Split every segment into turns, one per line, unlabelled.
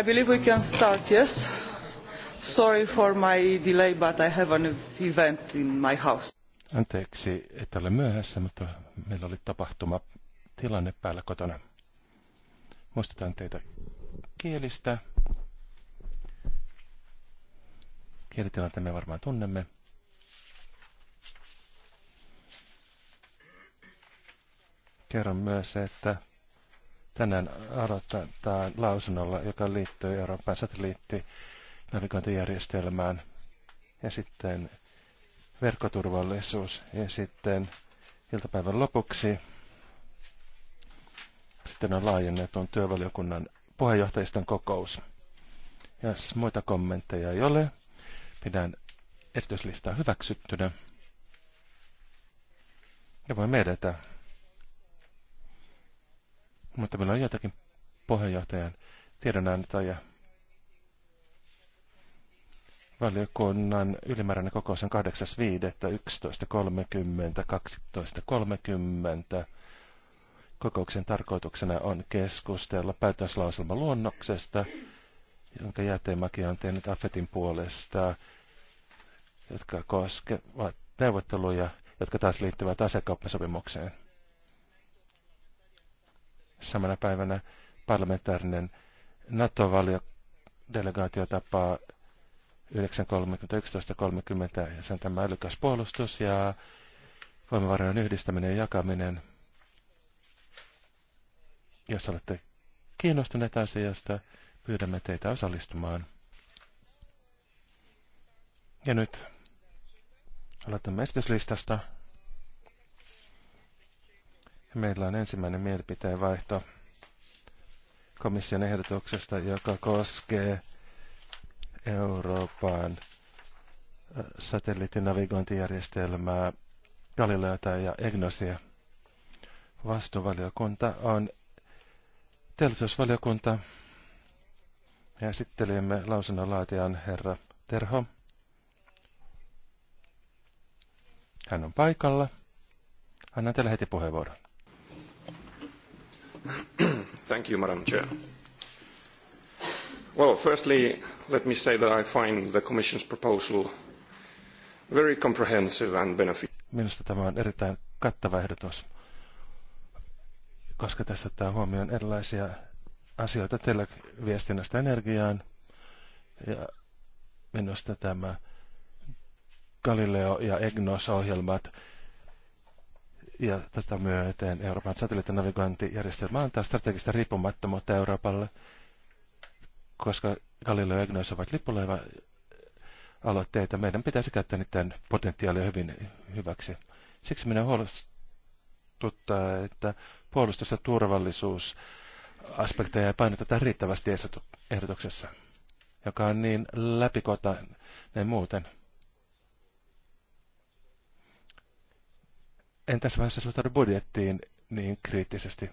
I believe we can start, yes? Sorry for my delay, but I have an event in my house.
Anteeksi, että olen myöhässä, mutta meillä oli tapahtuma tilanne päällä kotona. Muistetaan teitä kielistä. Kielitilanteen me varmaan tunnemme. Kerron myös, että Tänään tämä lausunnolla, joka liittyy Euroopan satelliittinavigointijärjestelmään ja sitten verkkoturvallisuus ja sitten iltapäivän lopuksi sitten on laajennetun työvaliokunnan puheenjohtajiston kokous. Jos muita kommentteja ei ole, pidän esityslistaa hyväksyttynä. Ja voimme edetä. Mutta meillä on joitakin puheenjohtajan tiedonantoja. Valiokunnan ylimääräinen kokous on 8.5.11.30-12.30. Kokouksen tarkoituksena on keskustella päätöslauselman luonnoksesta, jonka jätemäki on tehnyt Affetin puolesta, jotka koskevat neuvotteluja, jotka taas liittyvät asekauppasopimukseen. Samana päivänä parlamentaarinen nato valiodelegaatio tapaa 9.30-11.30 ja on tämä älykäs puolustus ja voimavarojen yhdistäminen ja jakaminen. Jos olette kiinnostuneet asiasta, pyydämme teitä osallistumaan. Ja nyt aloitamme esityslistasta. Meillä on ensimmäinen mielipiteen vaihto komission ehdotuksesta, joka koskee Euroopan satelliittinavigointijärjestelmää Galileota ja Egnosia. Vastuvaliokunta on teollisuusvaliokunta. Ja esittelimme lausunnonlaatijan herra Terho. Hän on paikalla. Annan teille heti puheenvuoron. Thank you, Madam Chair. Well, firstly, let me say that I find the Commission's proposal very comprehensive and beneficial. Minusta tämä on erittäin kattava ehdotus, koska tässä ottaa huomioon erilaisia asioita teillä energiaan. Ja minusta tämä Galileo- ja EGNOS-ohjelmat ja tätä myöten Euroopan satelliittinavigointijärjestelmä antaa strategista riippumattomuutta Euroopalle, koska Galileo ja Egnos ovat lippuleiva aloitteita. Meidän pitäisi käyttää niiden potentiaalia hyvin hyväksi. Siksi minä huolestuttaa, että puolustus- ja turvallisuusaspekteja ei painoteta riittävästi ehdotuksessa, joka on niin läpikotainen muuten. en tässä vaiheessa suhtaudu budjettiin niin kriittisesti,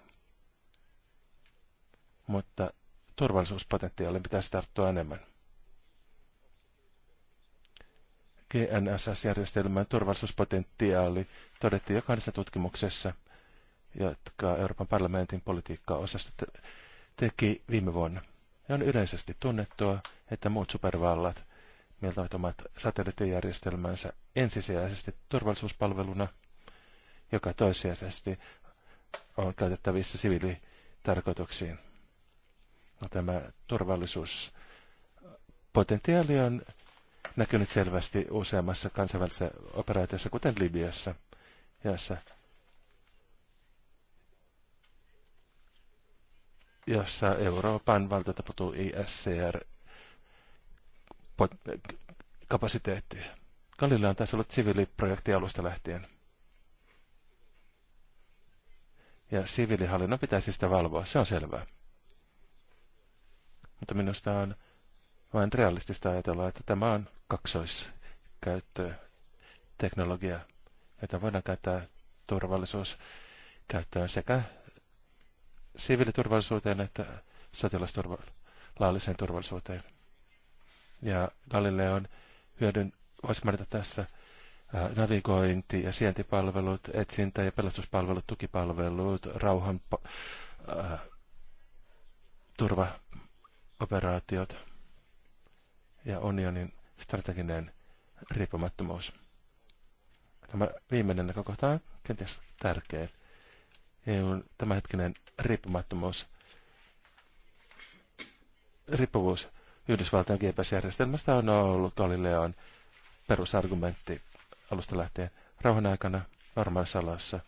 mutta turvallisuuspotentiaalin pitäisi tarttua enemmän. GNSS-järjestelmän turvallisuuspotentiaali todettiin jokaisessa tutkimuksessa, jotka Euroopan parlamentin politiikkaa osasta teki viime vuonna. Ja on yleisesti tunnettua, että muut supervallat mieltävät omat satelliittijärjestelmänsä ensisijaisesti turvallisuuspalveluna – joka toisiaisesti on käytettävissä siviilitarkoituksiin. No, tämä turvallisuuspotentiaali on näkynyt selvästi useammassa kansainvälisessä operaatiossa, kuten Libiassa, jossa, jossa Euroopan valtiota putuu ISCR kapasiteettiin. Galilea on taas ollut siviiliprojekti alusta lähtien. ja siviilihallinnon pitäisi sitä valvoa, se on selvää. Mutta minusta on vain realistista ajatella, että tämä on kaksoiskäyttöteknologia, jota voidaan käyttää turvallisuuskäyttöön sekä siviiliturvallisuuteen että sotilasturvalliseen turvallisuuteen. Ja Galileon hyödyn voisi mainita tässä – navigointi- ja sijaintipalvelut, etsintä- ja pelastuspalvelut, tukipalvelut, rauhan turvaoperaatiot ja unionin strateginen riippumattomuus. Tämä viimeinen näkökohta on kenties tärkeä. EUn tämänhetkinen riippumattomuus, riippuvuus Yhdysvaltain GPS-järjestelmästä on ollut Galileon perusargumentti alusta lähtien rauhan aikana varmaisalassa.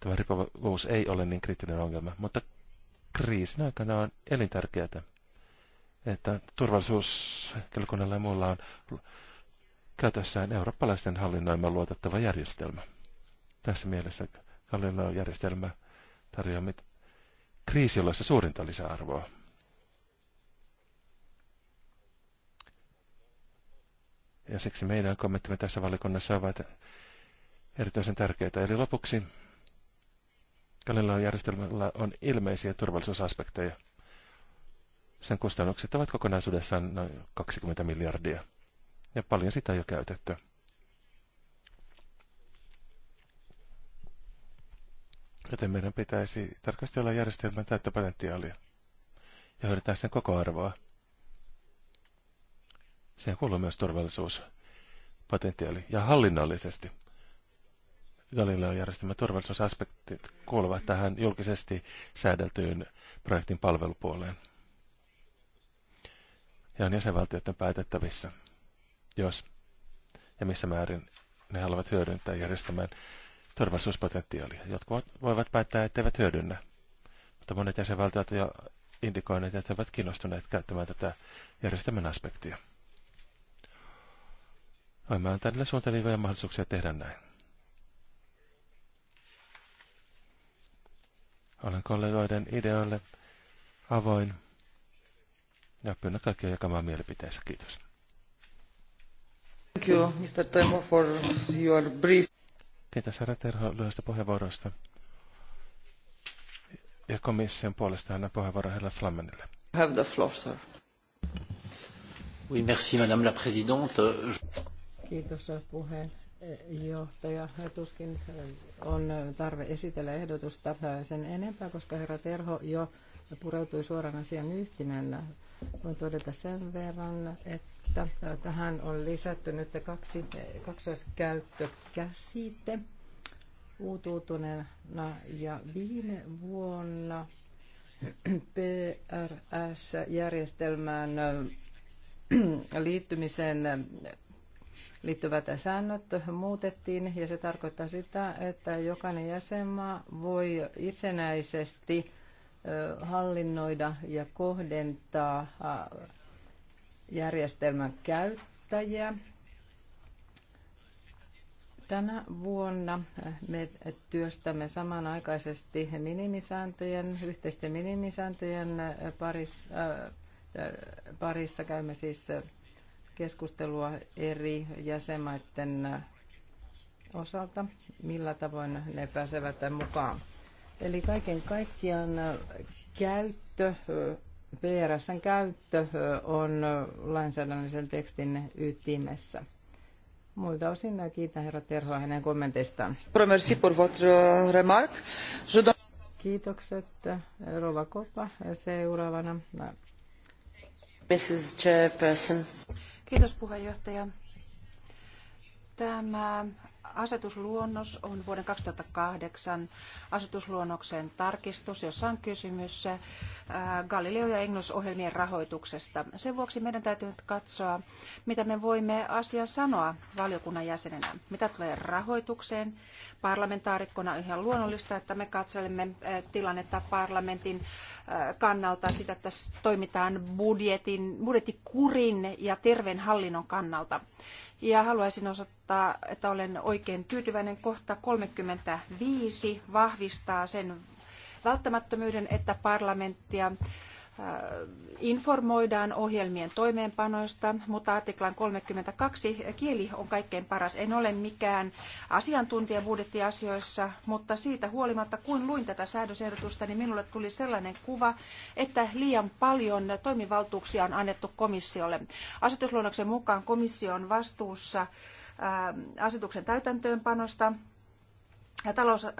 Tämä riippuvuus ei ole niin kriittinen ongelma, mutta kriisin aikana on elintärkeää, että turvallisuuskelkunnalla ja muulla on käytössään eurooppalaisten hallinnoima luotettava järjestelmä. Tässä mielessä hallinnon järjestelmä tarjoaa kriisioloissa suurinta lisäarvoa. Ja siksi meidän kommenttimme tässä valikonnassa ovat erityisen tärkeitä. Eli lopuksi Galileon järjestelmällä on ilmeisiä turvallisuusaspekteja. Sen kustannukset ovat kokonaisuudessaan noin 20 miljardia. Ja paljon sitä on jo käytetty. Joten meidän pitäisi tarkastella järjestelmän täyttä potentiaalia ja hyödyntää sen koko arvoa. Se kuuluu myös turvallisuuspotentiaali ja hallinnollisesti. Galileon järjestelmä turvallisuusaspektit kuuluvat tähän julkisesti säädeltyyn projektin palvelupuoleen. Ja on jäsenvaltioiden päätettävissä, jos ja missä määrin ne haluavat hyödyntää järjestämään turvallisuuspotentiaalia. Jotkut voivat päättää, etteivät hyödynnä, mutta monet jäsenvaltiot jo indikoineet, että ovat kiinnostuneet käyttämään tätä järjestelmän aspektia. Voimme antaa niille suuntelijoille mahdollisuuksia tehdä näin. Olen kollegoiden ideoille avoin ja pyydän kaikkia jakamaan mielipiteensä. Kiitos.
Thank you, Mr. Temo, for your
brief. Kiitos herra Terho lyhyestä puheenvuorosta. Ja komission puolesta annan puheenvuoron herra Flammenille.
Have the floor, sir.
Oui, merci, madame la présidente. Je...
Kiitos puheenjohtaja. Tuskin on tarve esitellä ehdotusta sen enempää, koska herra Terho jo pureutui suoran asian yhtimen. Voin todeta sen verran, että tähän on lisätty nyt kaksi, kaksoiskäyttökäsite uutuutuneena ja viime vuonna PRS-järjestelmään liittymisen liittyvät säännöt muutettiin ja se tarkoittaa sitä, että jokainen jäsenmaa voi itsenäisesti hallinnoida ja kohdentaa järjestelmän käyttäjiä. Tänä vuonna me työstämme samanaikaisesti minimisääntöjen, yhteisten minimisääntöjen parissa, parissa käymme siis keskustelua eri jäsenmaiden osalta, millä tavoin ne pääsevät mukaan. Eli kaiken kaikkiaan käyttö, PRSn käyttö on lainsäädännöllisen tekstin ytimessä. Muilta osin kiitän herra Terhoa hänen kommenteistaan.
Kiitokset.
Rova Koppa seuraavana. Mrs.
Chairperson.
Kiitos puheenjohtaja. Tämä asetusluonnos on vuoden 2008 asetusluonnoksen tarkistus, jossa on kysymys äh, Galileo- ja Englos-ohjelmien rahoituksesta. Sen vuoksi meidän täytyy nyt katsoa, mitä me voimme asian sanoa valiokunnan jäsenenä. Mitä tulee rahoitukseen, parlamentaarikkona on ihan luonnollista, että me katselemme äh, tilannetta parlamentin kannalta, sitä, että toimitaan budjetin, budjettikurin ja terveen hallinnon kannalta. Ja haluaisin osoittaa, että olen oikein tyytyväinen kohta 35 vahvistaa sen välttämättömyyden, että parlamenttia Äh, informoidaan ohjelmien toimeenpanoista, mutta artiklan 32 kieli on kaikkein paras. En ole mikään asiantuntija budjettiasioissa, mutta siitä huolimatta, kun luin tätä säädösehdotusta, niin minulle tuli sellainen kuva, että liian paljon toimivaltuuksia on annettu komissiolle. Asetusluonnoksen mukaan komissio on vastuussa äh, asetuksen täytäntöönpanosta, ja talous, äh,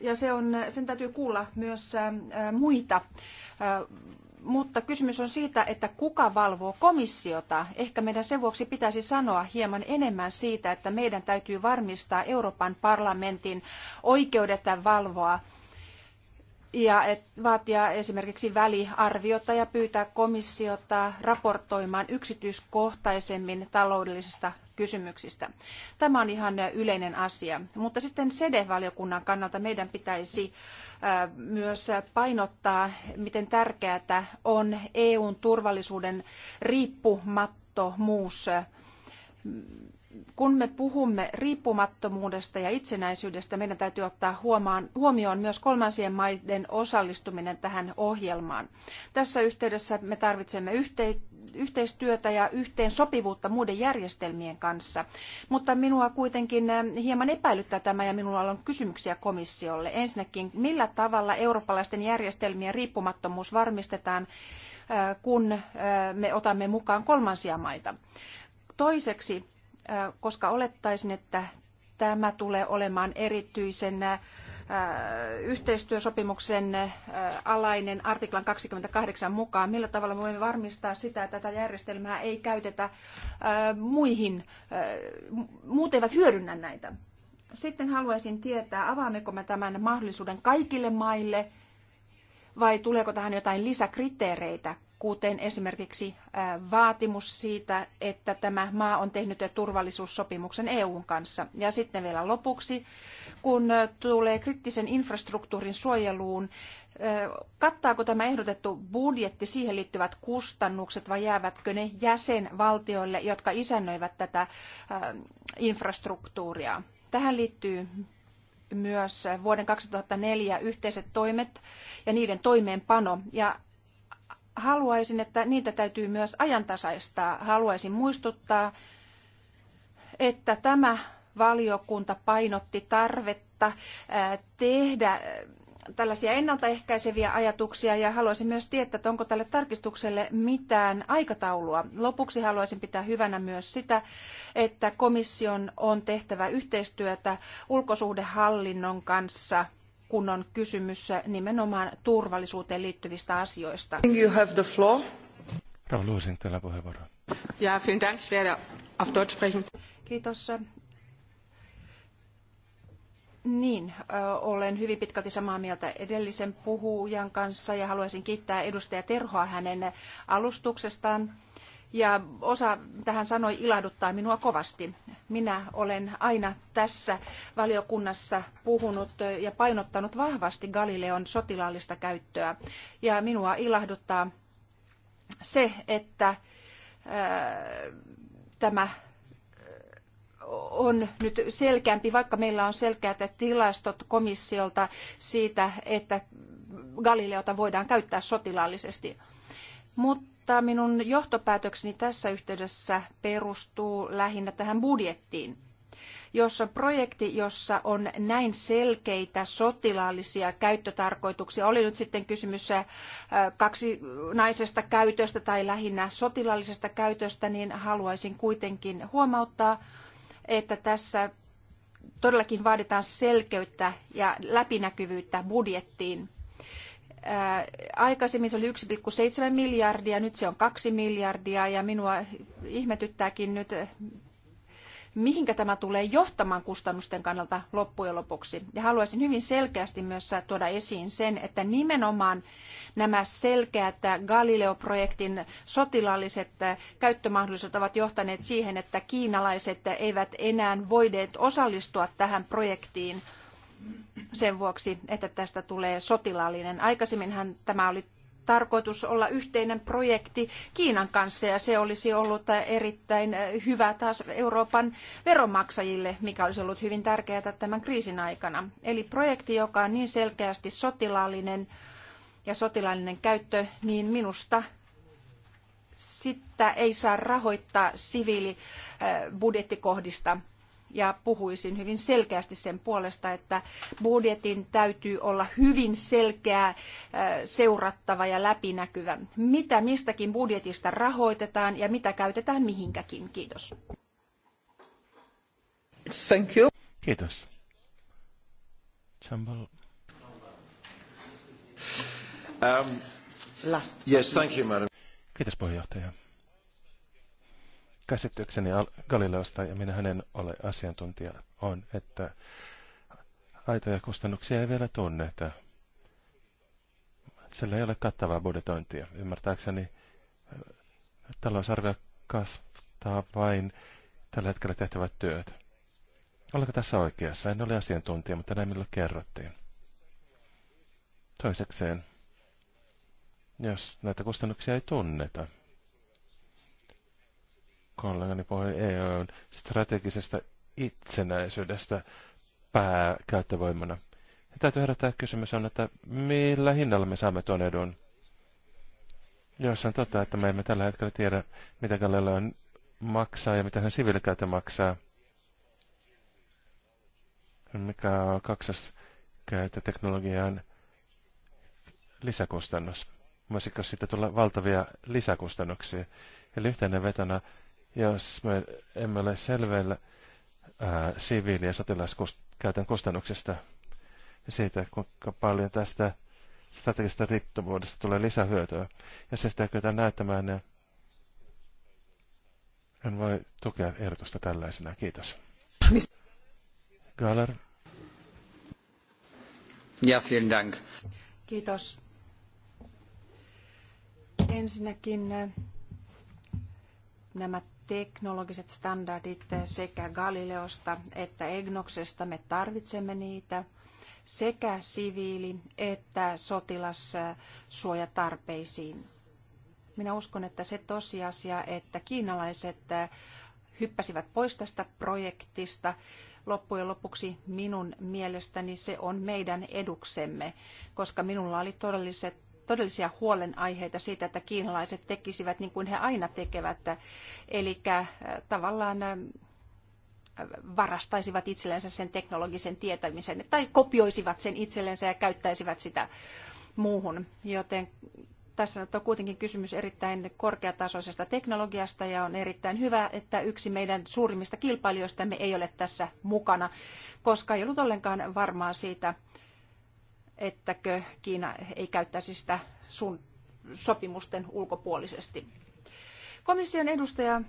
ja se on, sen täytyy kuulla myös muita. Mutta kysymys on siitä, että kuka valvoo komissiota. Ehkä meidän sen vuoksi pitäisi sanoa hieman enemmän siitä, että meidän täytyy varmistaa Euroopan parlamentin oikeudet valvoa ja et vaatia esimerkiksi väliarviota ja pyytää komissiota raportoimaan yksityiskohtaisemmin taloudellisesta kysymyksistä. Tämä on ihan yleinen asia. Mutta sitten SEDE-valiokunnan kannalta meidän pitäisi myös painottaa, miten tärkeää on EUn turvallisuuden riippumattomuus kun me puhumme riippumattomuudesta ja itsenäisyydestä, meidän täytyy ottaa huomioon myös kolmansien maiden osallistuminen tähän ohjelmaan. Tässä yhteydessä me tarvitsemme yhteistyötä ja yhteensopivuutta muiden järjestelmien kanssa, mutta minua kuitenkin äh, hieman epäilyttää tämä ja minulla on kysymyksiä komissiolle. Ensinnäkin, millä tavalla eurooppalaisten järjestelmien riippumattomuus varmistetaan, äh, kun äh, me otamme mukaan kolmansia maita? Toiseksi, koska olettaisin, että tämä tulee olemaan erityisen yhteistyösopimuksen alainen artiklan 28 mukaan. Millä tavalla voimme varmistaa sitä, että tätä järjestelmää ei käytetä muihin, muut eivät hyödynnä näitä? Sitten haluaisin tietää, avaammeko me tämän mahdollisuuden kaikille maille vai tuleeko tähän jotain lisäkriteereitä, kuten esimerkiksi vaatimus siitä, että tämä maa on tehnyt turvallisuussopimuksen EUn kanssa. Ja sitten vielä lopuksi, kun tulee kriittisen infrastruktuurin suojeluun, kattaako tämä ehdotettu budjetti siihen liittyvät kustannukset vai jäävätkö ne jäsenvaltioille, jotka isännöivät tätä infrastruktuuria? Tähän liittyy myös vuoden 2004 yhteiset toimet ja niiden toimeenpano. Ja haluaisin, että niitä täytyy myös ajantasaistaa. Haluaisin muistuttaa, että tämä valiokunta painotti tarvetta äh, tehdä äh, tällaisia ennaltaehkäiseviä ajatuksia ja haluaisin myös tietää, että onko tälle tarkistukselle mitään aikataulua. Lopuksi haluaisin pitää hyvänä myös sitä, että komission on tehtävä yhteistyötä ulkosuhdehallinnon kanssa – kun on kysymys nimenomaan turvallisuuteen liittyvistä asioista. You have
the floor. Rauha Luusin, teillä puheenvuoro.
Ja, vielen Dank. Ich werde auf Deutsch sprechen. Kiitos. Niin, olen hyvin pitkälti samaa mieltä edellisen puhujan kanssa ja haluaisin kiittää edustaja Terhoa hänen alustuksestaan ja osa tähän sanoi ilahduttaa minua kovasti. Minä olen aina tässä valiokunnassa puhunut ja painottanut vahvasti Galileon sotilaallista käyttöä. Ja minua ilahduttaa se, että ää, äh, tämä on nyt selkeämpi, vaikka meillä on selkeät tilastot komissiolta siitä, että Galileota voidaan käyttää sotilaallisesti. Mutta mutta minun johtopäätökseni tässä yhteydessä perustuu lähinnä tähän budjettiin. Jos on projekti, jossa on näin selkeitä sotilaallisia käyttötarkoituksia, oli nyt sitten kysymys äh, kaksi naisesta käytöstä tai lähinnä sotilaallisesta käytöstä, niin haluaisin kuitenkin huomauttaa, että tässä todellakin vaaditaan selkeyttä ja läpinäkyvyyttä budjettiin Aikaisemmin se oli 1,7 miljardia, nyt se on 2 miljardia ja minua ihmetyttääkin nyt, eh, mihinkä tämä tulee johtamaan kustannusten kannalta loppujen lopuksi. Ja haluaisin hyvin selkeästi myös tuoda esiin sen, että nimenomaan nämä selkeät Galileo-projektin sotilaalliset käyttömahdollisuudet ovat johtaneet siihen, että kiinalaiset eivät enää voineet osallistua tähän projektiin – sen vuoksi, että tästä tulee sotilaallinen. Aikaisemminhan tämä oli tarkoitus olla yhteinen projekti Kiinan kanssa ja se olisi ollut erittäin hyvä taas Euroopan veronmaksajille, mikä olisi ollut hyvin tärkeää tämän kriisin aikana. Eli projekti, joka on niin selkeästi sotilaallinen ja sotilaallinen käyttö, niin minusta sitä ei saa rahoittaa siviilibudjettikohdista ja puhuisin hyvin selkeästi sen puolesta, että budjetin täytyy olla hyvin selkeä, äh, seurattava ja läpinäkyvä. Mitä mistäkin budjetista rahoitetaan ja mitä käytetään mihinkäkin. Kiitos.
Thank you. Kiitos.
Um, Last. Yes, thank you, madam.
Kiitos puheenjohtaja käsitykseni Galileosta, ja minä hänen ole asiantuntija, on, että aitoja kustannuksia ei vielä että Sillä ei ole kattavaa budjetointia. Ymmärtääkseni äh, talousarvio kasvattaa vain tällä hetkellä tehtävät työt. Oliko tässä oikeassa? En ole asiantuntija, mutta näin minulle kerrottiin. Toisekseen, jos näitä kustannuksia ei tunneta, kollegani puhui EUn strategisesta itsenäisyydestä pääkäyttövoimana. Ja täytyy herättää kysymys on, että millä hinnalla me saamme tuon edun? Jos on totta, että me emme tällä hetkellä tiedä, mitä Galileo maksaa ja mitä hän siviilikäyttö maksaa. Mikä on kaksoskäyttöteknologian lisäkustannus? Voisiko siitä tulla valtavia lisäkustannuksia? Eli yhteinen vetona jos me emme ole selvillä ää, siviili- ja sotilaskäytön kustannuksista ja siitä, kuinka paljon tästä strategisesta riittomuudesta tulee lisähyötyä. Ja se sitä kyetään näyttämään, niin en voi tukea ehdotusta tällaisena. Kiitos. Galler. Ja, vielen dank.
Kiitos. Ensinnäkin nämä teknologiset standardit sekä Galileosta että Egnoksesta. Me tarvitsemme niitä sekä siviili- että sotilassuojatarpeisiin. Minä uskon, että se tosiasia, että kiinalaiset äh, hyppäsivät pois tästä projektista, loppujen lopuksi minun mielestäni se on meidän eduksemme, koska minulla oli todelliset todellisia huolenaiheita siitä, että kiinalaiset tekisivät niin kuin he aina tekevät, eli äh, tavallaan äh, varastaisivat itsellensä sen teknologisen tietämisen tai kopioisivat sen itsellensä ja käyttäisivät sitä muuhun. Joten tässä nyt on kuitenkin kysymys erittäin korkeatasoisesta teknologiasta ja on erittäin hyvä, että yksi meidän suurimmista kilpailijoistamme ei ole tässä mukana, koska ei ollut ollenkaan varmaa siitä, ettäkö Kiina ei käyttäisi sitä sun sopimusten ulkopuolisesti. Komission edustaja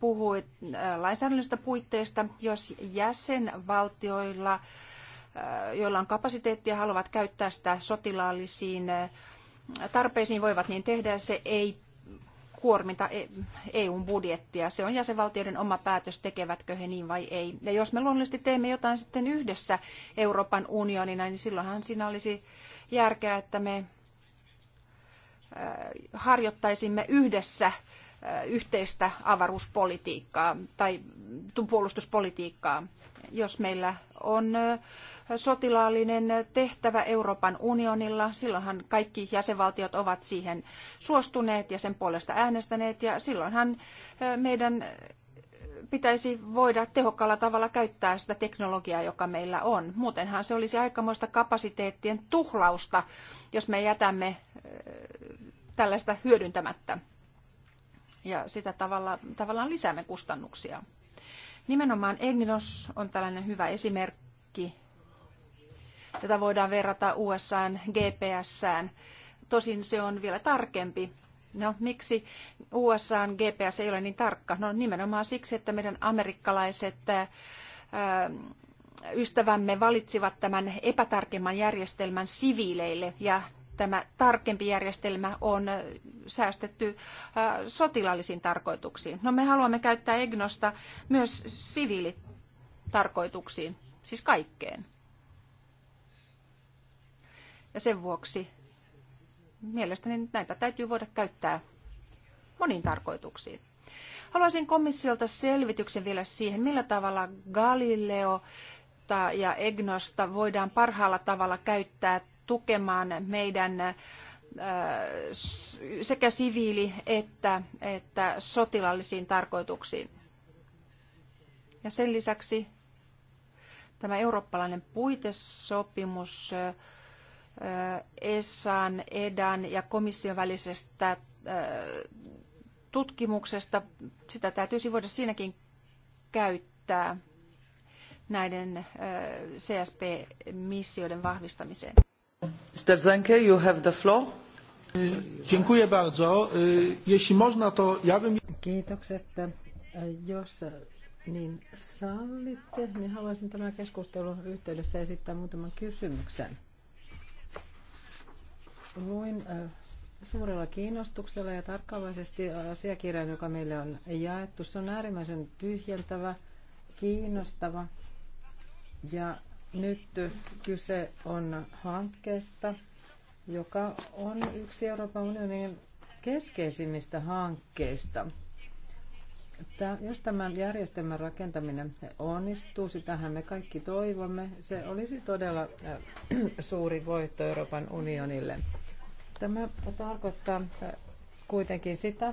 puhui äh, lainsäädännöllisistä puitteista, jos jäsenvaltioilla, äh, joilla on kapasiteettia, haluavat käyttää sitä sotilaallisiin äh, tarpeisiin, voivat niin tehdä. Se ei kuormita e- EUn budjettia. Se on jäsenvaltioiden oma päätös, tekevätkö he niin vai ei. Ja jos me luonnollisesti teemme jotain sitten yhdessä Euroopan unionina, niin silloinhan siinä olisi järkeä, että me äh, harjoittaisimme yhdessä äh, yhteistä avaruuspolitiikkaa tai puolustuspolitiikkaa. Jos meillä on sotilaallinen tehtävä Euroopan unionilla, silloinhan kaikki jäsenvaltiot ovat siihen suostuneet ja sen puolesta äänestäneet ja silloinhan meidän pitäisi voida tehokkaalla tavalla käyttää sitä teknologiaa, joka meillä on. Muutenhan se olisi aikamoista kapasiteettien tuhlausta, jos me jätämme tällaista hyödyntämättä. Ja sitä tavalla, tavallaan lisäämme kustannuksia. Nimenomaan Egnos on tällainen hyvä esimerkki, jota voidaan verrata USAn GPSään. Tosin se on vielä tarkempi. No, miksi USAn GPS ei ole niin tarkka? No nimenomaan siksi, että meidän amerikkalaiset ää, ystävämme valitsivat tämän epätarkemman järjestelmän siviileille ja tämä tarkempi järjestelmä on säästetty äh, sotilaallisiin tarkoituksiin. No me haluamme käyttää EGNOsta myös siviilitarkoituksiin, siis kaikkeen. Ja sen vuoksi mielestäni näitä täytyy voida käyttää moniin tarkoituksiin. Haluaisin komissiolta selvityksen vielä siihen, millä tavalla Galileo ja EGNOsta voidaan parhaalla tavalla käyttää tukemaan meidän sekä siviili- että, että sotilaallisiin tarkoituksiin. Ja sen lisäksi tämä eurooppalainen puitesopimus ESAN, EDAN ja komission välisestä tutkimuksesta, sitä täytyisi voida siinäkin käyttää näiden CSP-missioiden vahvistamiseen.
Mr. Zenke, you have the floor. Dziękuję bardzo. Jeśli można, to
Kiitokset. Jos niin sallitte, niin haluaisin tämän keskustelun yhteydessä esittää muutaman kysymyksen. Luin suurella kiinnostuksella ja tarkkaavaisesti asiakirjan, joka meille on jaettu. Se on äärimmäisen tyhjentävä, kiinnostava ja nyt kyse on hankkeesta, joka on yksi Euroopan unionin keskeisimmistä hankkeista. Tämä, jos tämän järjestelmän rakentaminen onnistuu, sitähän me kaikki toivomme, se olisi todella äh, suuri voitto Euroopan unionille. Tämä tarkoittaa äh, kuitenkin sitä,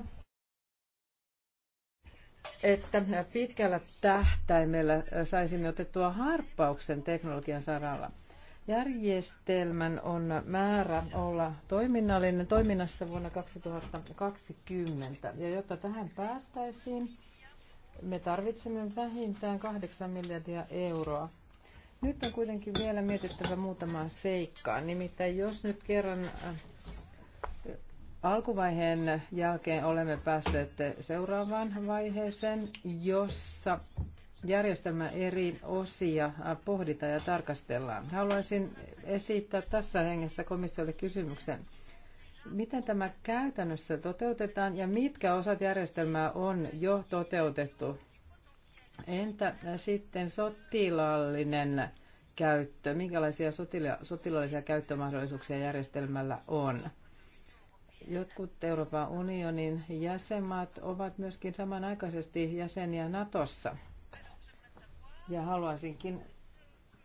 että pitkällä tähtäimellä saisimme otettua harppauksen teknologian saralla. Järjestelmän on määrä olla toiminnallinen toiminnassa vuonna 2020. Ja jotta tähän päästäisiin, me tarvitsemme vähintään 8 miljardia euroa. Nyt on kuitenkin vielä mietittävä muutamaa seikkaa. Nimittäin jos nyt kerran Alkuvaiheen jälkeen olemme päässeet seuraavaan vaiheeseen, jossa järjestelmä eri osia pohditaan ja tarkastellaan. Haluaisin esittää tässä hengessä komissiolle kysymyksen. Miten tämä käytännössä toteutetaan ja mitkä osat järjestelmää on jo toteutettu? Entä sitten sotilaallinen käyttö? Minkälaisia sotila- sotilaallisia käyttömahdollisuuksia järjestelmällä on? Jotkut Euroopan unionin jäsenmaat ovat myöskin samanaikaisesti jäseniä Natossa. Ja haluaisinkin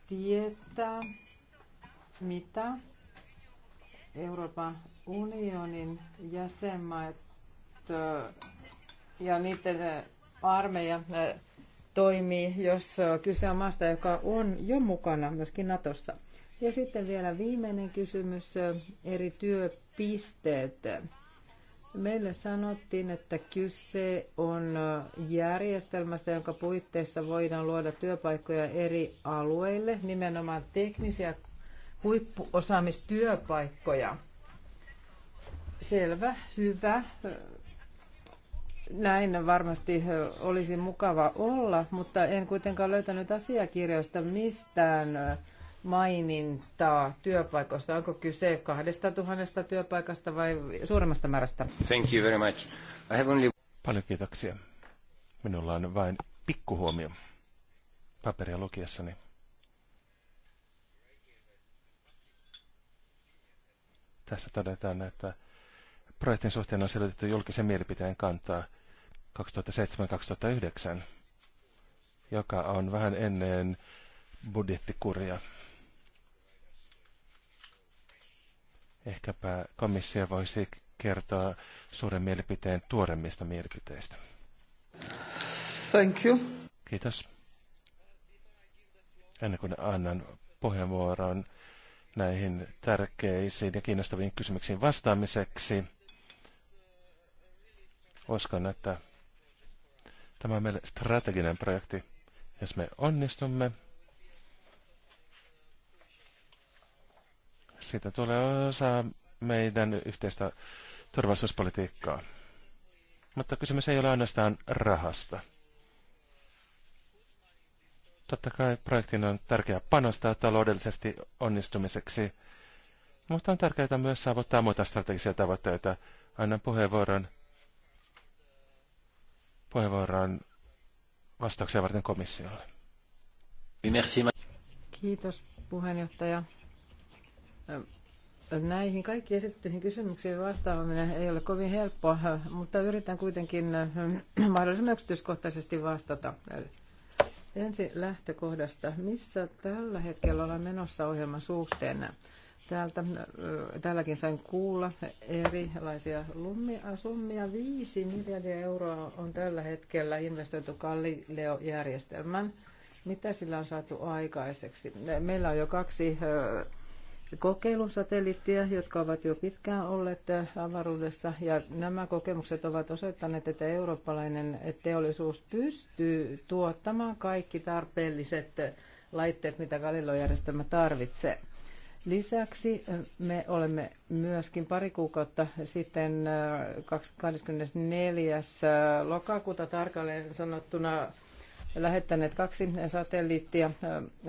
tietää, mitä Euroopan unionin jäsenmaat ja niiden armeija toimii, jos kyse on maasta, joka on jo mukana myöskin Natossa. Ja sitten vielä viimeinen kysymys, eri työ pisteet. Meille sanottiin, että kyse on järjestelmästä, jonka puitteissa voidaan luoda työpaikkoja eri alueille, nimenomaan teknisiä huippuosaamistyöpaikkoja. Selvä, hyvä. Näin varmasti olisi mukava olla, mutta en kuitenkaan löytänyt asiakirjoista mistään mainintaa työpaikoista. Onko kyse kahdesta tuhannesta työpaikasta vai suuremmasta
määrästä? Thank you very much. I have only... Paljon kiitoksia. Minulla on vain pikkuhuomio paperia lukiessani. Tässä todetaan, että projektin suhteen on selvitetty julkisen mielipiteen kantaa 2007-2009, joka on vähän ennen budjettikuria. Ehkäpä komissio voisi kertoa suuren mielipiteen tuoremmista mielipiteistä. Thank you. Kiitos. Ennen kuin annan puheenvuoron näihin tärkeisiin ja kiinnostaviin kysymyksiin vastaamiseksi, uskon, että tämä on meille strateginen projekti. Jos me onnistumme, Siitä tulee osa meidän yhteistä turvallisuuspolitiikkaa. Mutta kysymys ei ole ainoastaan rahasta. Totta kai projektin on tärkeää panostaa taloudellisesti onnistumiseksi, mutta on tärkeää myös saavuttaa muita strategisia tavoitteita. Annan puheenvuoron, puheenvuoron vastauksia varten komissiolle.
Kiitos puheenjohtaja. Näihin kaikkiin esitettyihin kysymyksiin vastaaminen ei ole kovin helppoa, mutta yritän kuitenkin mahdollisimman yksityiskohtaisesti vastata. Ensin lähtökohdasta. Missä tällä hetkellä ollaan menossa ohjelman suhteen? Täältä, täälläkin sain kuulla erilaisia lummia, summia. 5 miljardia euroa on tällä hetkellä investoitu kallileo järjestelmän Mitä sillä on saatu aikaiseksi? Meillä on jo kaksi kokeilun satelliittia, jotka ovat jo pitkään olleet avaruudessa. Ja nämä kokemukset ovat osoittaneet, että eurooppalainen teollisuus pystyy tuottamaan kaikki tarpeelliset laitteet, mitä Galileo-järjestelmä tarvitsee. Lisäksi me olemme myöskin pari kuukautta sitten 24. Äh, lokakuuta tarkalleen sanottuna lähettäneet kaksi satelliittia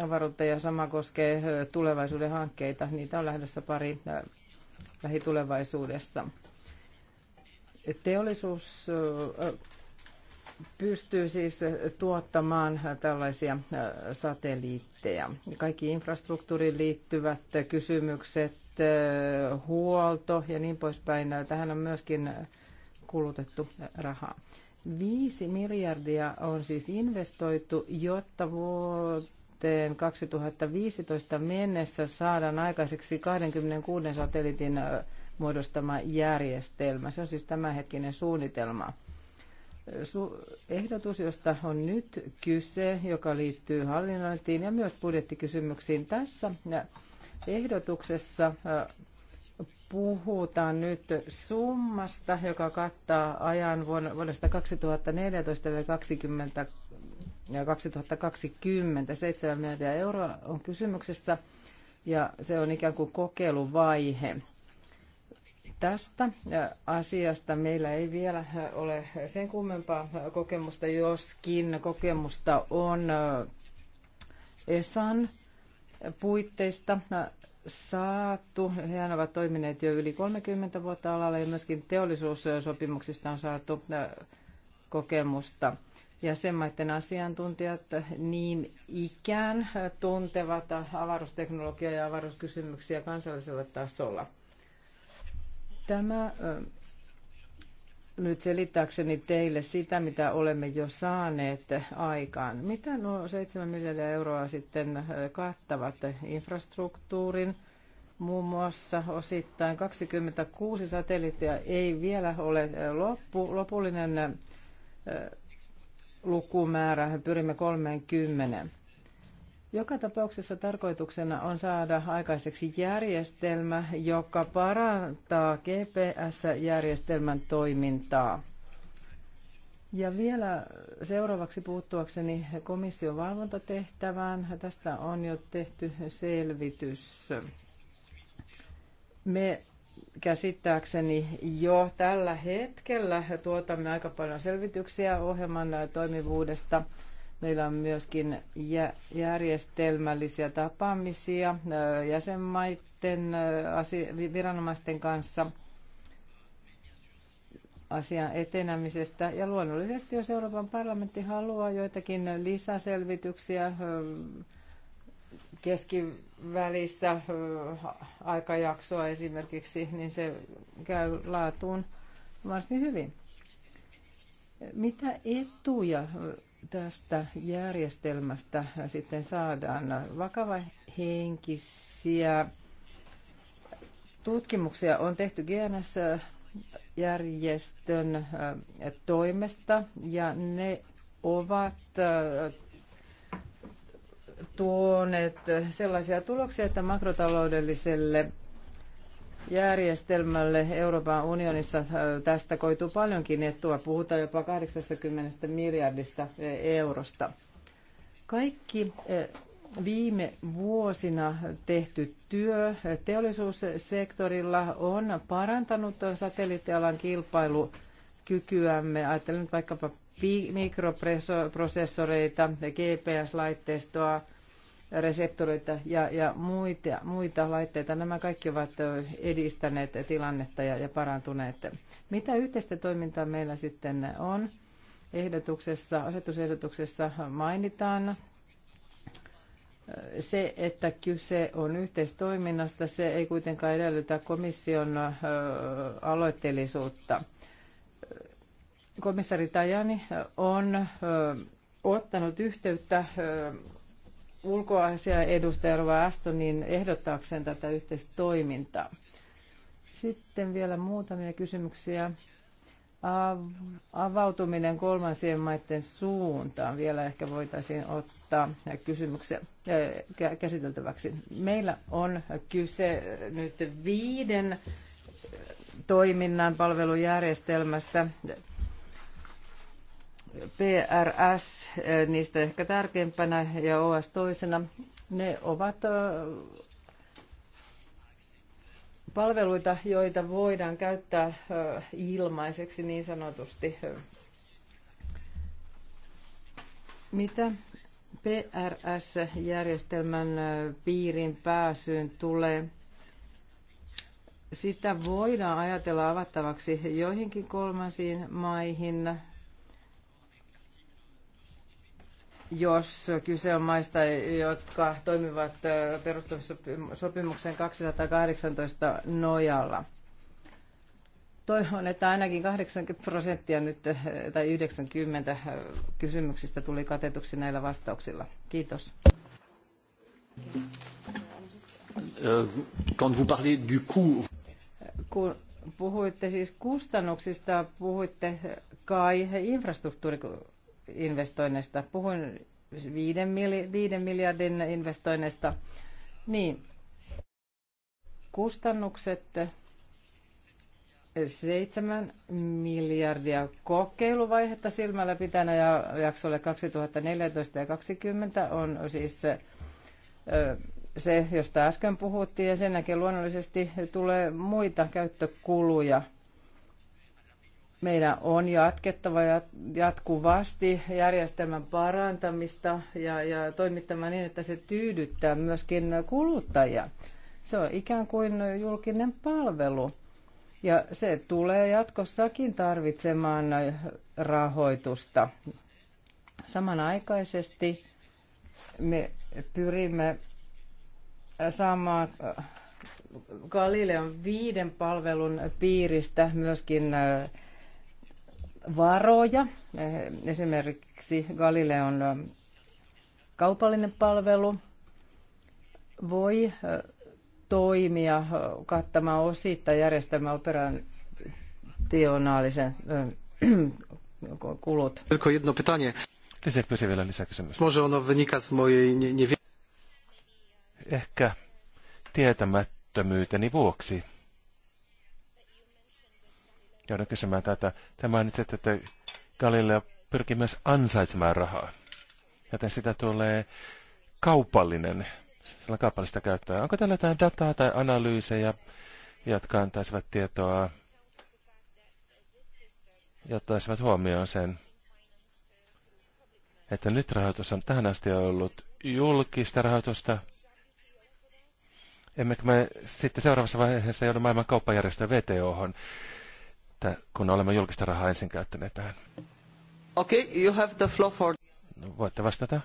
avaruutta ja sama koskee tulevaisuuden hankkeita. Niitä on lähdössä pari lähitulevaisuudessa. Teollisuus pystyy siis tuottamaan tällaisia satelliitteja. Kaikki infrastruktuuriin liittyvät kysymykset, huolto ja niin poispäin. Tähän on myöskin kulutettu rahaa. 5 miljardia on siis investoitu, jotta vuoteen 2015 mennessä saadaan aikaiseksi 26 satelliitin muodostama järjestelmä. Se on siis tämänhetkinen suunnitelma. Ehdotus, josta on nyt kyse, joka liittyy hallinnointiin ja myös budjettikysymyksiin tässä ehdotuksessa puhutaan nyt summasta, joka kattaa ajan vuonna, vuodesta 2014 2020, 2020 7 miljardia euroa on kysymyksessä ja se on ikään kuin kokeiluvaihe. Tästä äh, asiasta meillä ei vielä äh, ole sen kummempaa äh, kokemusta, joskin kokemusta on ESAN puitteista saatu. Hehän ovat toimineet jo yli 30 vuotta alalla ja myöskin teollisuussopimuksista on saatu äh, kokemusta. Jäsenmaiden asiantuntijat niin ikään tuntevat avaruusteknologiaa ja avaruuskysymyksiä kansallisella tasolla. Tämä äh, nyt selittääkseni teille sitä, mitä olemme jo saaneet aikaan. Mitä nuo 7 miljardia euroa sitten äh, kattavat infrastruktuurin? Muun muassa osittain 26 satelliittia ei vielä ole äh, loppu, lopullinen äh, lukumäärä. Pyrimme 30. Joka tapauksessa tarkoituksena on saada aikaiseksi järjestelmä, joka parantaa GPS-järjestelmän toimintaa. Ja vielä seuraavaksi puuttuakseni komission valvontatehtävään. Tästä on jo tehty selvitys. Me käsittääkseni jo tällä hetkellä tuotamme aika paljon selvityksiä ohjelman toimivuudesta – Meillä on myöskin järjestelmällisiä tapaamisia jäsenmaiden viranomaisten kanssa asian etenemisestä. Ja luonnollisesti, jos Euroopan parlamentti haluaa joitakin lisäselvityksiä keskivälissä aikajaksoa esimerkiksi, niin se käy laatuun varsin hyvin. Mitä etuja tästä järjestelmästä sitten saadaan vakava henkisiä. tutkimuksia on tehty GNS-järjestön äh, toimesta ja ne ovat äh, tuoneet sellaisia tuloksia, että makrotaloudelliselle järjestelmälle Euroopan unionissa äh, tästä koituu paljonkin etua. Puhutaan jopa 80 miljardista äh, eurosta. Kaikki äh, viime vuosina tehty työ teollisuussektorilla on parantanut satelliittialan kilpailukykyämme. Ajattelen vaikkapa mikroprosessoreita, GPS-laitteistoa, reseptoreita ja, ja muita, muita laitteita. Nämä kaikki ovat edistäneet tilannetta ja, ja parantuneet. Mitä yhteistä toimintaa meillä sitten on? Ehdotuksessa, asetusehdotuksessa mainitaan se, että kyse on yhteistoiminnasta, se ei kuitenkaan edellytä komission aloitteellisuutta. Komissari Tajani on ottanut yhteyttä ulkoasia edustaja Rova Astonin ehdottaakseen tätä yhteistoimintaa. Sitten vielä muutamia kysymyksiä. Avautuminen kolmansien maiden suuntaan vielä ehkä voitaisiin ottaa kysymyksiä käsiteltäväksi. Meillä on kyse nyt viiden toiminnan palvelujärjestelmästä, PRS, eh, niistä ehkä tärkeimpänä ja OS toisena, ne ovat eh, palveluita, joita voidaan käyttää eh, ilmaiseksi niin sanotusti. Mitä PRS-järjestelmän piirin pääsyyn tulee? Sitä voidaan ajatella avattavaksi joihinkin kolmansiin maihin, jos kyse on maista, jotka toimivat äh, perustamissopimuksen 218 nojalla. Toivon, että ainakin 80 prosenttia nyt äh, tai 90 äh, kysymyksistä tuli katetuksi näillä vastauksilla. Kiitos.
Euh, quand vous parlez du coût...
Kun puhuitte siis kustannuksista, puhuitte kai infrastruktuurikustannuksista investoinneista. Puhuin viiden, mili, viiden miljardin investoinneista. Niin, kustannukset 7 miljardia kokeiluvaihetta silmällä pitänä ja jaksolle 2014 ja 2020 on siis se, josta äsken puhuttiin, ja sen jälkeen luonnollisesti tulee muita käyttökuluja – meidän on jatkettava jatkuvasti järjestelmän parantamista ja, ja toimittava niin, että se tyydyttää myöskin kuluttajia. Se on ikään kuin julkinen palvelu. Ja se tulee jatkossakin tarvitsemaan rahoitusta. Samanaikaisesti me pyrimme saamaan Galilean viiden palvelun piiristä myöskin varoja. Eh, esimerkiksi Galileon eh, kaupallinen palvelu voi eh, toimia kattamaan osittain järjestelmän operationaalisen
kulut.
Tylko jedno pytanie. Lisäkysy vielä lisäkysymys.
Może ono wynika z mojej nie, nie...
Ehkä tietämättömyyteni vuoksi joudun kysymään tätä. Te mainitsit, että Galileo pyrkii myös ansaitsemaan rahaa, joten sitä tulee kaupallinen, sillä kaupallista käyttöä. Onko täällä jotain dataa tai analyysejä, jotka antaisivat tietoa, jotta ottaisivat huomioon sen, että nyt rahoitus on tähän asti ollut julkista rahoitusta, Emmekä me sitten seuraavassa vaiheessa joudu maailman kauppajärjestö VTOhon että kun olemme julkista rahaa ensin käyttäneet tähän.
Okay, you have the floor for...
No, voitte vastata.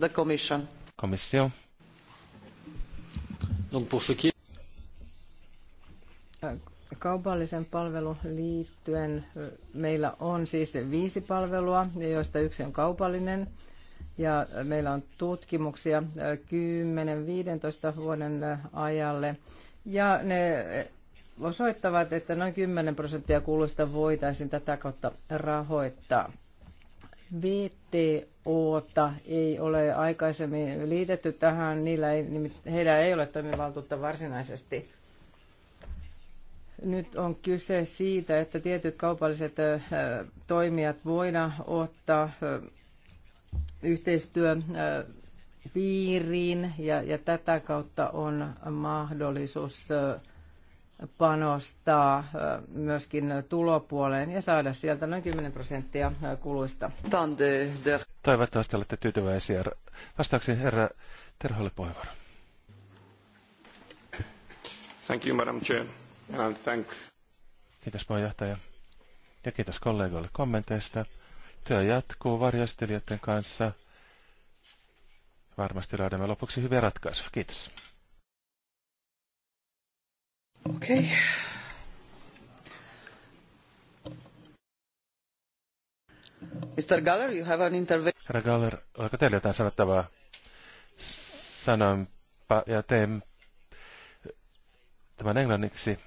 The commission.
Komissio. Donc pour ce qui...
Kaupallisen palvelun liittyen meillä on siis viisi palvelua, joista yksi on kaupallinen. Ja meillä on tutkimuksia 10-15 vuoden ajalle. Ja ne osoittavat, että noin 10 prosenttia kuluista voitaisiin tätä kautta rahoittaa. VTOta ei ole aikaisemmin liitetty tähän, niillä ei, heillä ei ole toimivaltuutta varsinaisesti. Nyt on kyse siitä, että tietyt kaupalliset toimijat voidaan ottaa yhteistyön piiriin ja, ja tätä kautta on mahdollisuus äh, panostaa myöskin tulopuoleen ja saada sieltä noin 10 prosenttia
kuluista.
Toivottavasti olette tyytyväisiä. Vastauksiin herra Terholle puheenvuoro.
Thank you, Madam Chair. And thank...
Kiitos puheenjohtaja ja kiitos kollegoille kommenteista. Työ jatkuu varjostelijoiden kanssa. Varmasti löydämme lopuksi hyviä ratkaisuja. Kiitos.
Okej. Okay. Mr. Galler, you have an intervention.
Herra Galler, oliko teillä jotain sanottavaa? Sanoinpa ja teen tämän englanniksi,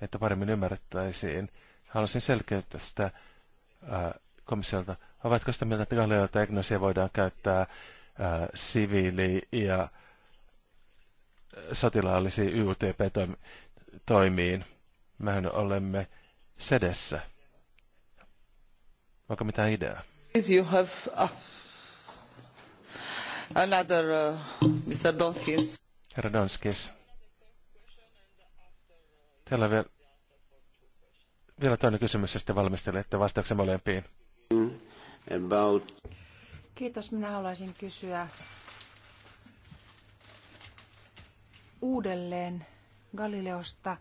että paremmin ymmärrettäisiin. Haluaisin selkeyttää sitä äh, komissiolta. Ovatko sitä mieltä, että Gallerilta Egnosia voidaan käyttää äh, siviili- ja sotilaallisiin YUTP-toimiin? toimiin. Mehän olemme sedessä. Onko mitään ideaa?
You have uh, another uh, Mr. Donskis.
Herra Donskis. Täällä on vielä, vielä toinen kysymys, josta valmistelette vastauksen molempiin.
About...
Kiitos. Minä haluaisin kysyä uudelleen Galileosta.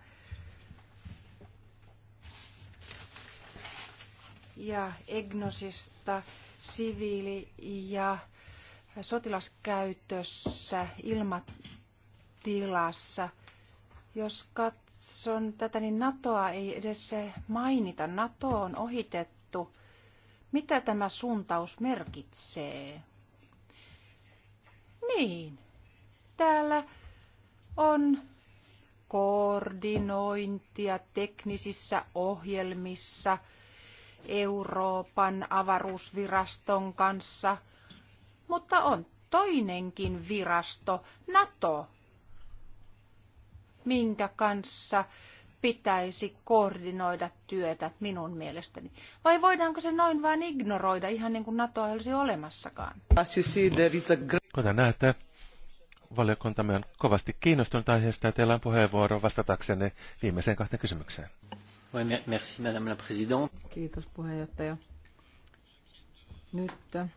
ja Egnosista siviili- ja sotilaskäytössä ilmatilassa. Jos katson tätä, niin NATOa ei edes mainita. NATO on ohitettu. Mitä tämä suuntaus merkitsee? Niin, täällä on koordinointia teknisissä ohjelmissa Euroopan avaruusviraston kanssa, mutta on toinenkin virasto, NATO, minkä kanssa pitäisi koordinoida työtä minun mielestäni. Vai voidaanko se noin vain ignoroida, ihan niin kuin NATOa ei olisi olemassakaan?
Kuten näette, valiokuntamme on kovasti kiinnostunut aiheesta ja teillä on puheenvuoro vastataksenne viimeiseen kahteen kysymykseen. Merci, madame la présidente.
Kiitos puheenjohtaja. Nyt äh,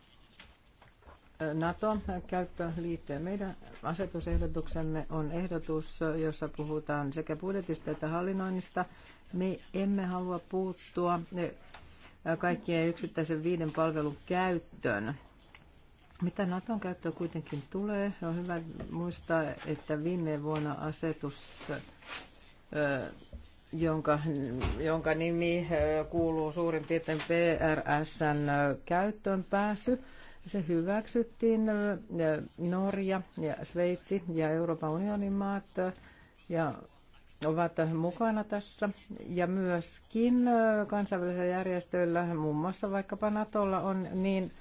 NATO käyttää liittyen. Meidän asetusehdotuksemme on ehdotus, jossa puhutaan sekä budjetista että hallinnoinnista. Me emme halua puuttua äh, kaikkien yksittäisen viiden palvelun käyttöön. Mitä Naton käyttö kuitenkin tulee, on hyvä muistaa, että viime vuonna asetus, jonka, jonka nimi kuuluu suurin piirtein PRSn käyttöön pääsy, se hyväksyttiin Norja ja Sveitsi ja Euroopan unionin maat ja ovat mukana tässä. Ja myöskin kansainvälisillä järjestöillä, muun muassa vaikkapa Natolla, on niin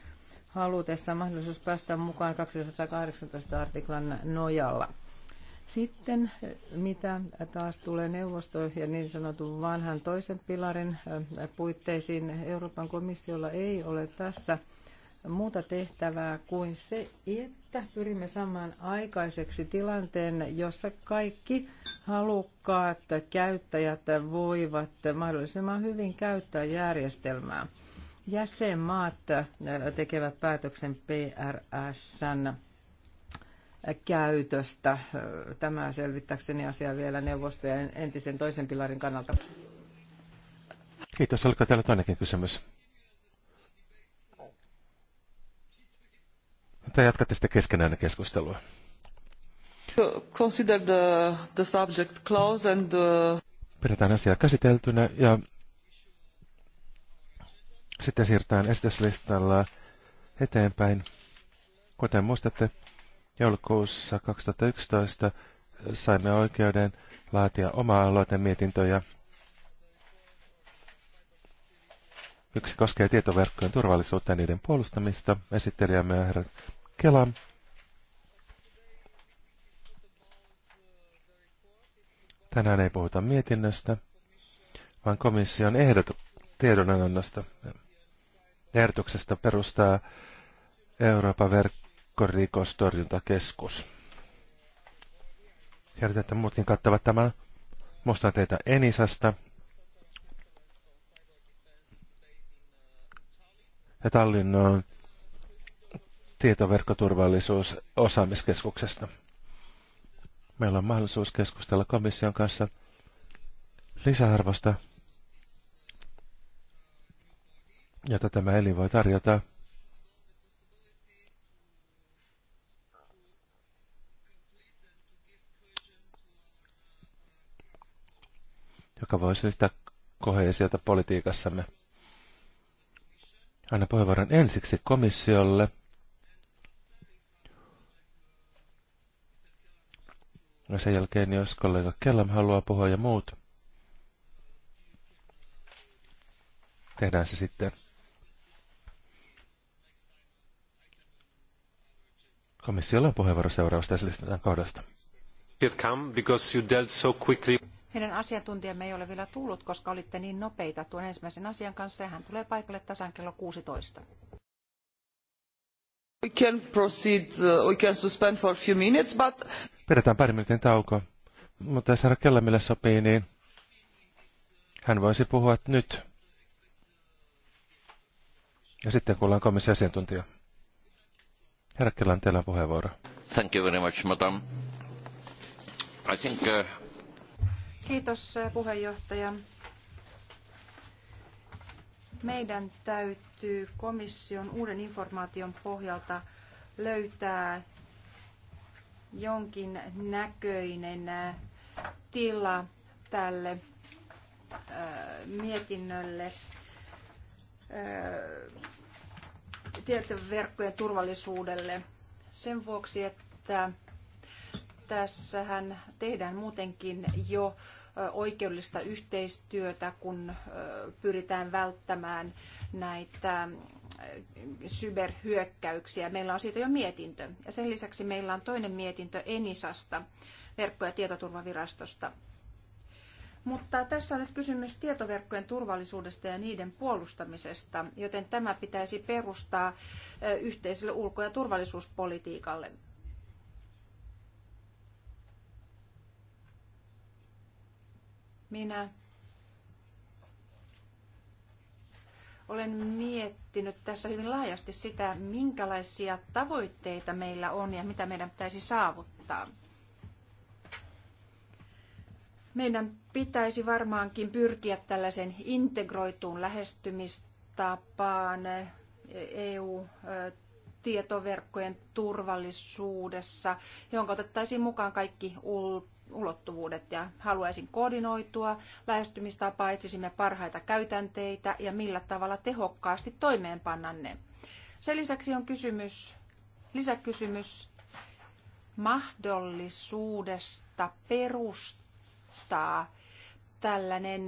halutessa mahdollisuus päästä mukaan 218 artiklan nojalla. Sitten mitä taas tulee neuvosto ja niin sanotun vanhan toisen pilarin äh, puitteisiin, Euroopan komissiolla ei ole tässä muuta tehtävää kuin se, että pyrimme saamaan aikaiseksi tilanteen, jossa kaikki halukkaat käyttäjät voivat mahdollisimman hyvin käyttää järjestelmää jäsenmaat äh, tekevät päätöksen PRSn käytöstä. Äh, tämä selvittääkseni asia vielä neuvostojen entisen toisen pilarin kannalta.
Kiitos. Oliko täällä toinenkin kysymys? Te jatkatte sitten keskenään keskustelua.
Consider the, the subject close and the... Uh,
Pidetään asiaa käsiteltynä ja sitten siirrytään esityslistalla eteenpäin. Kuten muistatte, joulukuussa 2011 saimme oikeuden laatia omaa aloitemietintöjä. Yksi koskee tietoverkkojen turvallisuutta ja niiden puolustamista. Esittelijämme on herra Kela. Tänään ei puhuta mietinnöstä, vaan komission ehdotu tiedonannosta ehdotuksesta perustaa Euroopan verkkorikostorjuntakeskus. Tiedät, että muutkin kattavat tämän. Muistan teitä Enisasta. Ja Tallinnon tietoverkkoturvallisuusosaamiskeskuksesta. Meillä on mahdollisuus keskustella komission kanssa lisäarvosta jota tämä elin voi tarjota. joka voisi lisätä kohesiota politiikassamme. Anna puheenvuoron ensiksi komissiolle. Ja sen jälkeen, jos kollega Kellam haluaa puhua ja muut, tehdään se sitten. Komissiolla on puheenvuoro seuraavasta esilistetään kohdasta. So
Meidän asiantuntijamme ei ole vielä tullut, koska olitte niin nopeita tuon ensimmäisen asian kanssa ja hän tulee paikalle tasan kello 16.
We can proceed, uh, we can suspend for a few minutes, but...
Pidetään pari minuutin tauko, mutta jos herra Kellemille sopii, niin hän voisi puhua nyt. Ja sitten kuullaan komission asiantuntija. Herra Kellan, teillä on puheenvuoro. Thank you very much, madam. I think, uh...
Kiitos eh, puheenjohtaja. Meidän täytyy komission uuden informaation pohjalta löytää jonkin näköinen eh, tila tälle eh, mietinnölle tietoverkkojen turvallisuudelle sen vuoksi, että tässähän tehdään muutenkin jo oikeudellista yhteistyötä, kun pyritään välttämään näitä syberhyökkäyksiä. Meillä on siitä jo mietintö. Ja sen lisäksi meillä on toinen mietintö Enisasta, verkko- ja tietoturvavirastosta. Mutta tässä on nyt kysymys tietoverkkojen turvallisuudesta ja niiden puolustamisesta, joten tämä pitäisi perustaa yhteiselle ulko- ja turvallisuuspolitiikalle. Minä olen miettinyt tässä hyvin laajasti sitä, minkälaisia tavoitteita meillä on ja mitä meidän pitäisi saavuttaa. Meidän pitäisi varmaankin pyrkiä tällaisen integroituun lähestymistapaan EU-tietoverkkojen turvallisuudessa, jonka otettaisiin mukaan kaikki ulottuvuudet ja haluaisin koordinoitua lähestymistapaa, etsisimme parhaita käytänteitä ja millä tavalla tehokkaasti toimeenpannan ne. Sen lisäksi on kysymys, lisäkysymys mahdollisuudesta perustaa perustaa tällainen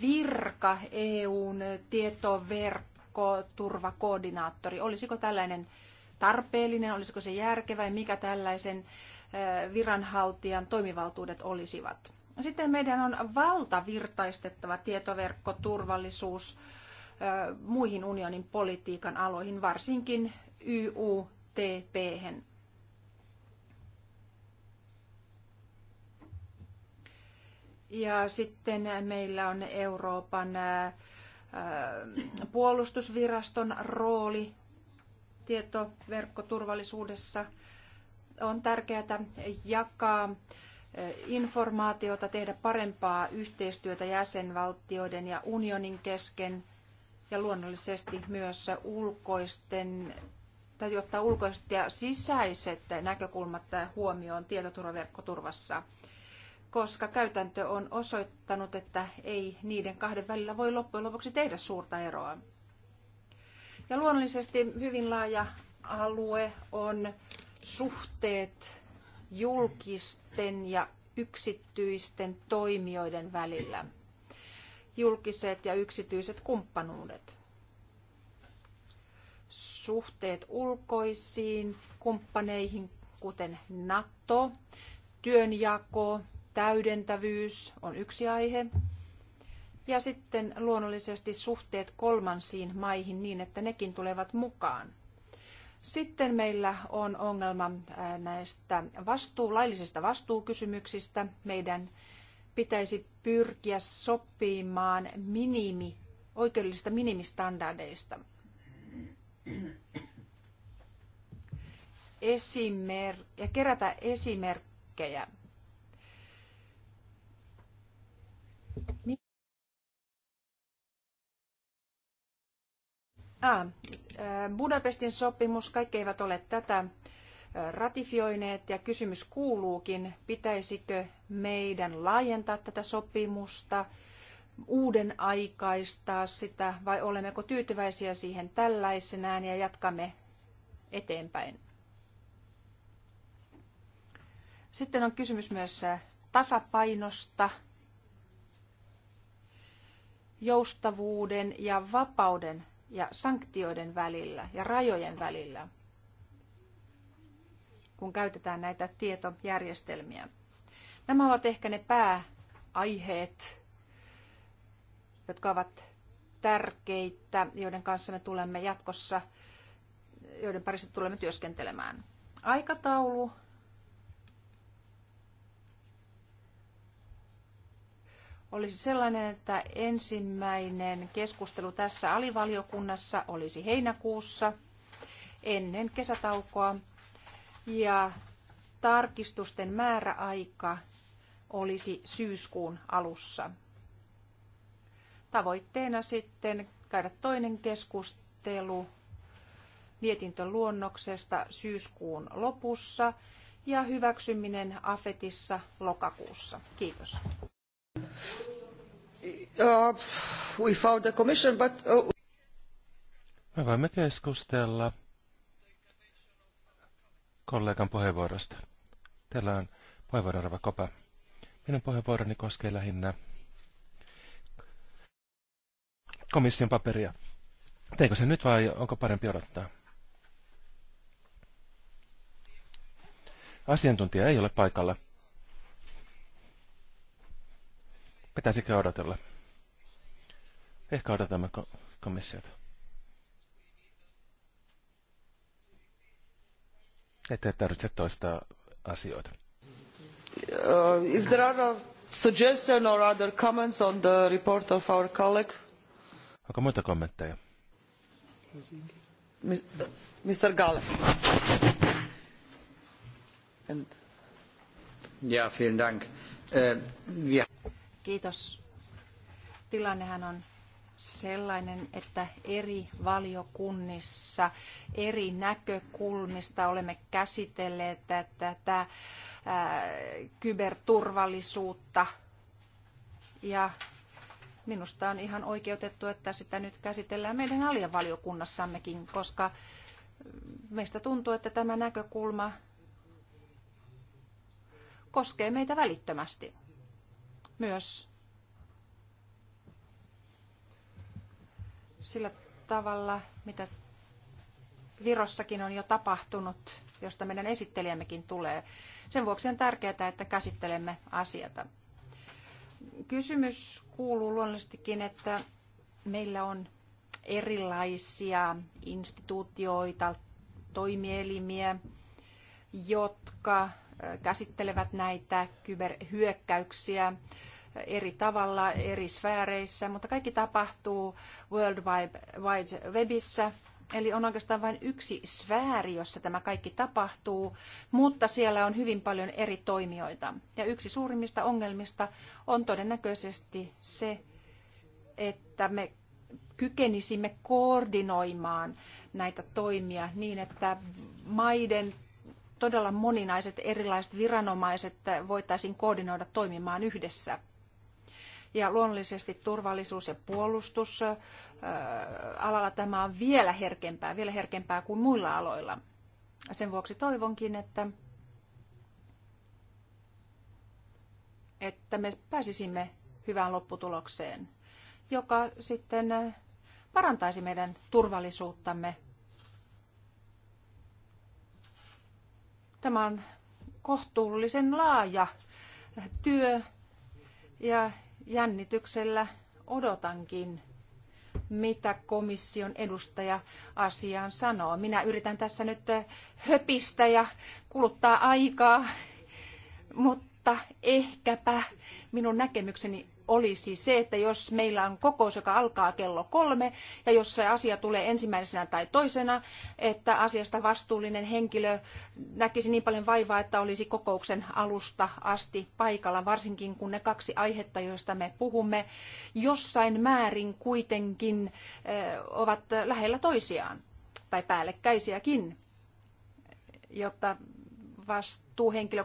virka EUn tietoverkkoturvakoordinaattori. Olisiko tällainen tarpeellinen, olisiko se järkevä ja mikä tällaisen viranhaltijan toimivaltuudet olisivat. Sitten meidän on valtavirtaistettava tietoverkkoturvallisuus muihin unionin politiikan aloihin, varsinkin YUTP. Ja sitten meillä on Euroopan puolustusviraston rooli tietoverkkoturvallisuudessa. On tärkeää jakaa informaatiota, tehdä parempaa yhteistyötä jäsenvaltioiden ja unionin kesken ja luonnollisesti myös ulkoisten tai ottaa ulkoiset ja sisäiset näkökulmat huomioon tietoturvaverkkoturvassa koska käytäntö on osoittanut, että ei niiden kahden välillä voi loppujen lopuksi tehdä suurta eroa. Ja luonnollisesti hyvin laaja alue on suhteet julkisten ja yksityisten toimijoiden välillä. Julkiset ja yksityiset kumppanuudet. Suhteet ulkoisiin kumppaneihin, kuten NATO, työnjako, täydentävyys on yksi aihe. Ja sitten luonnollisesti suhteet kolmansiin maihin niin, että nekin tulevat mukaan. Sitten meillä on ongelma näistä vastuu, laillisista vastuukysymyksistä. Meidän pitäisi pyrkiä sopimaan minimi, oikeudellisista minimistandardeista. Esimer- ja kerätä esimerkkejä Ah, Budapestin sopimus, kaikki eivät ole tätä ratifioineet ja kysymys kuuluukin, pitäisikö meidän laajentaa tätä sopimusta, uuden aikaistaa sitä vai olemmeko tyytyväisiä siihen tällaisenään ja jatkamme eteenpäin. Sitten on kysymys myös tasapainosta, joustavuuden ja vapauden ja sanktioiden välillä ja rajojen välillä, kun käytetään näitä tietojärjestelmiä. Nämä ovat ehkä ne pääaiheet, jotka ovat tärkeitä, joiden kanssa me tulemme jatkossa, joiden parissa tulemme työskentelemään. Aikataulu olisi sellainen, että ensimmäinen keskustelu tässä alivaliokunnassa olisi heinäkuussa ennen kesätaukoa ja tarkistusten määräaika olisi syyskuun alussa. Tavoitteena sitten käydä toinen keskustelu mietintöluonnoksesta syyskuun lopussa ja hyväksyminen AFETissa lokakuussa. Kiitos.
Uh, we found the commission, but... Uh...
Me voimme keskustella kollegan puheenvuorosta. Teillä on puheenvuoro Rava Kopa. Minun puheenvuoroni koskee lähinnä komission paperia. Teikö se nyt vai onko parempi odottaa? Asiantuntija ei ole paikalla. Pitäisikö odotella? Ehkä odotamme komissiota. Ettei tarvitse toista
asioita. Uh, if there are no suggestion or other comments on the report of our colleague?
Onko muita kommentteja?
Mr. Galle. And... Ja, vielen Dank. Uh, äh, yeah.
Kiitos. Tilannehan on sellainen, että eri valiokunnissa, eri näkökulmista olemme käsitelleet tätä ää, kyberturvallisuutta. Ja minusta on ihan oikeutettu, että sitä nyt käsitellään meidän aliavaliokunnassammekin, koska meistä tuntuu, että tämä näkökulma koskee meitä välittömästi myös sillä tavalla, mitä Virossakin on jo tapahtunut, josta meidän esittelijämmekin tulee. Sen vuoksi on tärkeää, että käsittelemme asiata. Kysymys kuuluu luonnollisestikin, että meillä on erilaisia instituutioita, toimielimiä, jotka käsittelevät näitä kyberhyökkäyksiä eri tavalla eri sfääreissä, mutta kaikki tapahtuu World Wide Webissä. Eli on oikeastaan vain yksi sfääri, jossa tämä kaikki tapahtuu, mutta siellä on hyvin paljon eri toimijoita. Ja yksi suurimmista ongelmista on todennäköisesti se, että me kykenisimme koordinoimaan näitä toimia niin, että maiden todella moninaiset erilaiset viranomaiset voitaisiin koordinoida toimimaan yhdessä. Ja luonnollisesti turvallisuus ja puolustus alalla tämä on vielä herkempää, vielä herkempää kuin muilla aloilla. Sen vuoksi toivonkin, että että me pääsisimme hyvään lopputulokseen, joka sitten parantaisi meidän turvallisuuttamme. Tämä on kohtuullisen laaja työ ja jännityksellä odotankin, mitä komission edustaja asiaan sanoo. Minä yritän tässä nyt eh, höpistä ja kuluttaa aikaa, mutta ehkäpä minun näkemykseni olisi se, että jos meillä on kokous, joka alkaa kello kolme, ja jos se asia tulee ensimmäisenä tai toisena, että asiasta vastuullinen henkilö näkisi niin paljon vaivaa, että olisi kokouksen alusta asti paikalla, varsinkin kun ne kaksi aihetta, joista me puhumme, jossain määrin kuitenkin eh, ovat lähellä toisiaan tai päällekkäisiäkin, jotta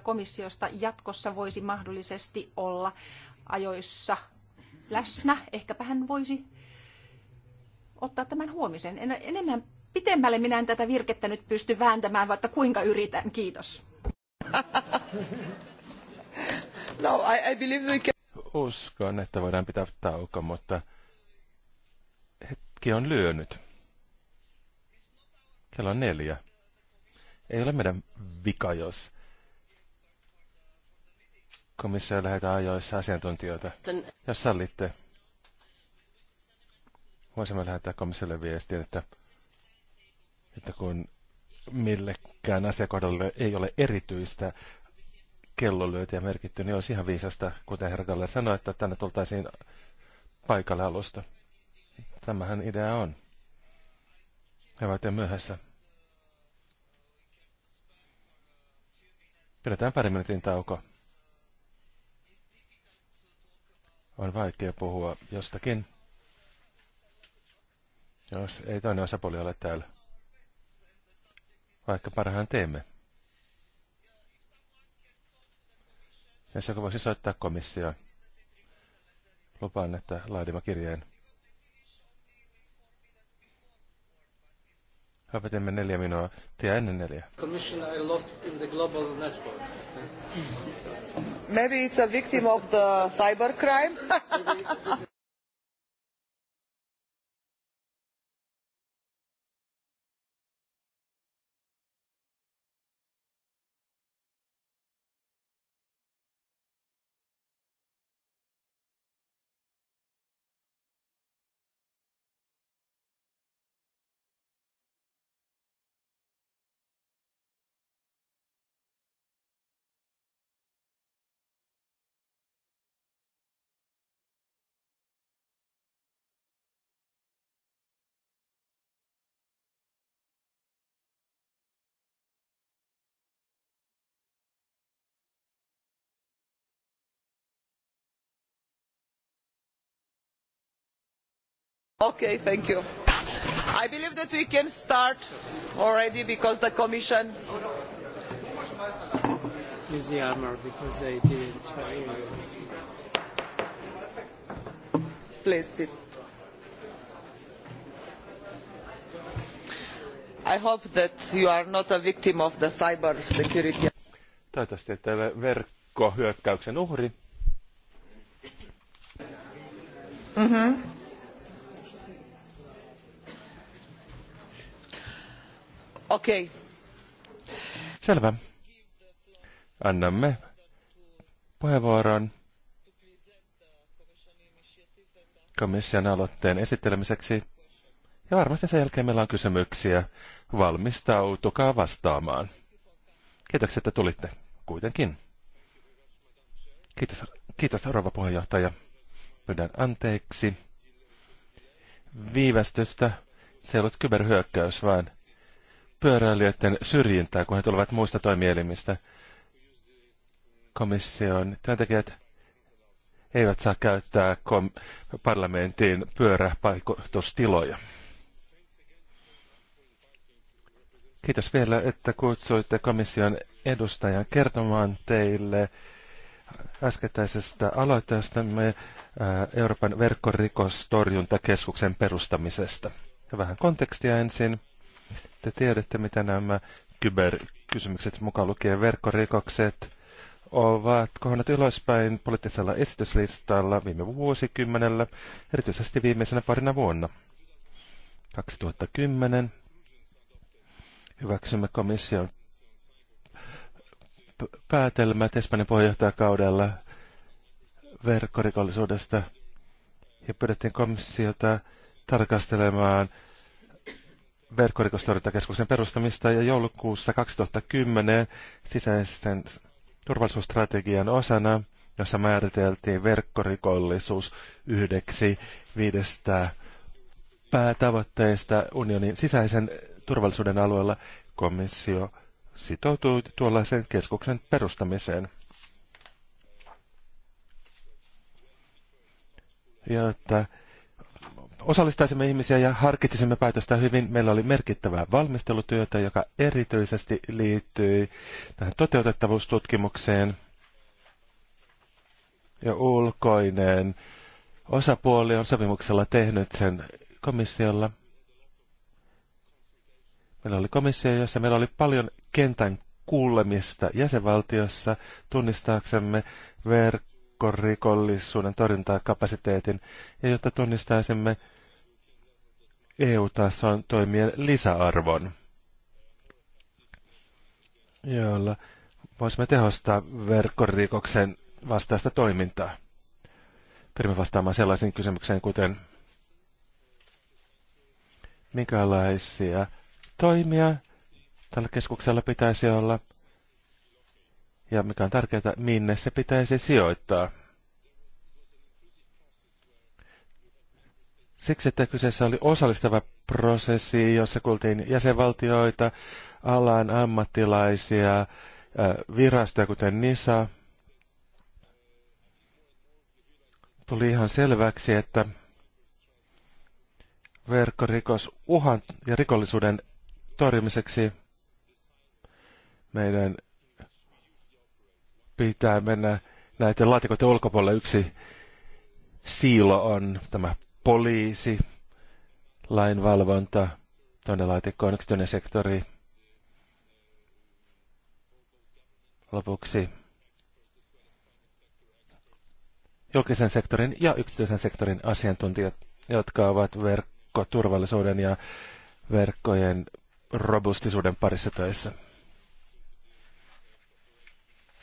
komissiosta jatkossa voisi mahdollisesti olla ajoissa läsnä. Ehkäpä hän voisi ottaa tämän huomisen. En, enemmän pitemmälle minä en tätä virkettä nyt pysty vääntämään, vaikka kuinka yritän. Kiitos.
no, I, I believe we can... Uskon, että voidaan pitää tauko, mutta hetki on lyönyt. Kello on neljä. Ei ole meidän vika, jos komissio lähetä ajoissa asiantuntijoita, jos sallitte. Voisimme lähettää komissiolle viestiä, että, että kun millekään asiakohdalle ei ole erityistä kellolyötiä merkitty, niin olisi ihan viisasta, kuten herra Galle sanoi, että tänne tultaisiin paikalle alusta. Tämähän idea on. He ovat jo myöhässä. Pidetään pari minuutin tauko. on vaikea puhua jostakin, jos ei toinen osapuoli ole täällä, vaikka parhaan teemme. Ja se voisi soittaa komissioon, lupaan, että laadimme kirjeen. Opetimme neljä minua, Tiedä ennen neljä.
I lost in the global network. Maybe it's a
victim of the cybercrime.
Okay, thank you. I believe that we can start already because the Commission. Use the armor because they didn't. Please sit. I hope that you are not a victim of the cyber security.
Toivottavasti ette ole verkkohyökkäyksen uhri. Mm-hmm.
Okei. Okay.
Selvä. Annamme puheenvuoron komission aloitteen esittelemiseksi. Ja varmasti sen jälkeen meillä on kysymyksiä. Valmistautukaa vastaamaan. Kiitoksia, että tulitte. Kuitenkin. Kiitos, kiitos rouva puheenjohtaja. Pyydän anteeksi. Viivästystä. Se ei ollut kyberhyökkäys, vaan pyöräilijöiden syrjintää, kun he tulevat muista toimielimistä. Komission työntekijät eivät saa käyttää parlamentin pyöräpaikoitustiloja. Kiitos vielä, että kutsuitte komission edustajan kertomaan teille äskettäisestä aloitteesta äh, Euroopan verkkorikostorjuntakeskuksen perustamisesta. Ja vähän kontekstia ensin. Te tiedätte, mitä nämä kyberkysymykset, mukaan lukien verkkorikokset, ovat kohonneet ylöspäin poliittisella esityslistalla viime vuosikymmenellä, erityisesti viimeisenä parina vuonna. 2010 hyväksymme komission päätelmät Espanjan puheenjohtajakaudella verkkorikollisuudesta ja pyydettiin komissiota tarkastelemaan verkkorikostorjuntakeskuksen perustamista ja joulukuussa 2010 sisäisen turvallisuusstrategian osana, jossa määriteltiin verkkorikollisuus yhdeksi viidestä päätavoitteista unionin sisäisen turvallisuuden alueella komissio sitoutui tuollaisen keskuksen perustamiseen. Jotta osallistaisimme ihmisiä ja harkitsimme päätöstä hyvin. Meillä oli merkittävää valmistelutyötä, joka erityisesti liittyi tähän toteutettavuustutkimukseen. Ja ulkoinen osapuoli on sopimuksella tehnyt sen komissiolla. Meillä oli komissio, jossa meillä oli paljon kentän kuulemista jäsenvaltiossa tunnistaaksemme verkkorikollisuuden torjuntakapasiteetin ja jotta tunnistaisimme EU-tason toimien lisäarvon, jolla voisimme tehostaa verkkorikoksen vastaista toimintaa. Pyrimme vastaamaan sellaisiin kysymykseen, kuten minkälaisia toimia tällä keskuksella pitäisi olla ja mikä on tärkeää, minne se pitäisi sijoittaa. Siksi, että kyseessä oli osallistava prosessi, jossa kuultiin jäsenvaltioita, alan ammattilaisia, virastoja kuten NISA. Tuli ihan selväksi, että verkkorikos uhan ja rikollisuuden torjumiseksi meidän pitää mennä näiden laatikoiden ulkopuolelle. Yksi siilo on tämä poliisi, lainvalvonta, tuonne laitikkoon yksi tuonne sektori. Lopuksi julkisen sektorin ja yksityisen sektorin asiantuntijat, jotka ovat verkkoturvallisuuden ja verkkojen robustisuuden parissa töissä.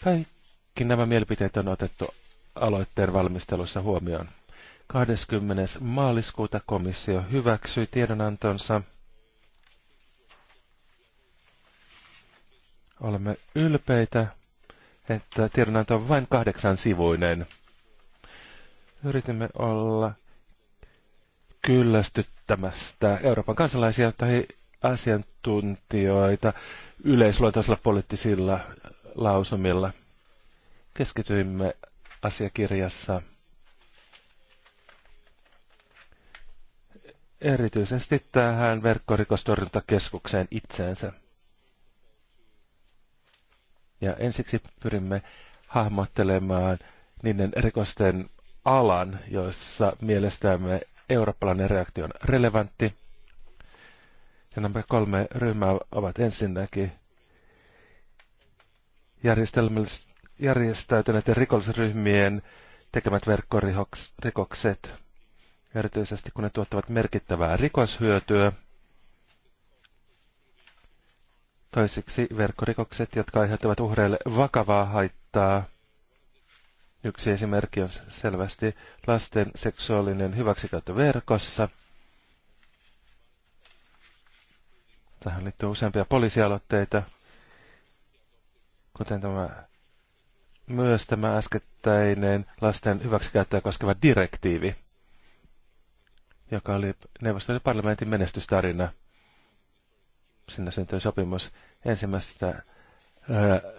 Kaikki nämä mielipiteet on otettu aloitteen valmistelussa huomioon. 20. maaliskuuta komissio hyväksyi tiedonantonsa. Olemme ylpeitä, että tiedonanto on vain kahdeksan sivuinen. Yritimme olla kyllästyttämästä Euroopan kansalaisia tai asiantuntijoita yleisluontoisilla poliittisilla lausumilla. Keskityimme asiakirjassa erityisesti tähän verkkorikostorjuntakeskukseen itseensä. Ja ensiksi pyrimme hahmottelemaan niiden rikosten alan, joissa mielestämme eurooppalainen reaktio on relevantti. Ja nämä kolme ryhmää ovat ensinnäkin järjestäytyneiden rikollisryhmien tekemät verkkorikokset, erityisesti kun ne tuottavat merkittävää rikoshyötyä. Toiseksi verkkorikokset, jotka aiheuttavat uhreille vakavaa haittaa. Yksi esimerkki on selvästi lasten seksuaalinen hyväksikäyttö verkossa. Tähän liittyy useampia poliisialoitteita, kuten tämä myös tämä äskettäinen lasten hyväksikäyttöä koskeva direktiivi joka oli neuvostojen parlamentin menestystarina. Sinne syntyi sopimus ensimmäisestä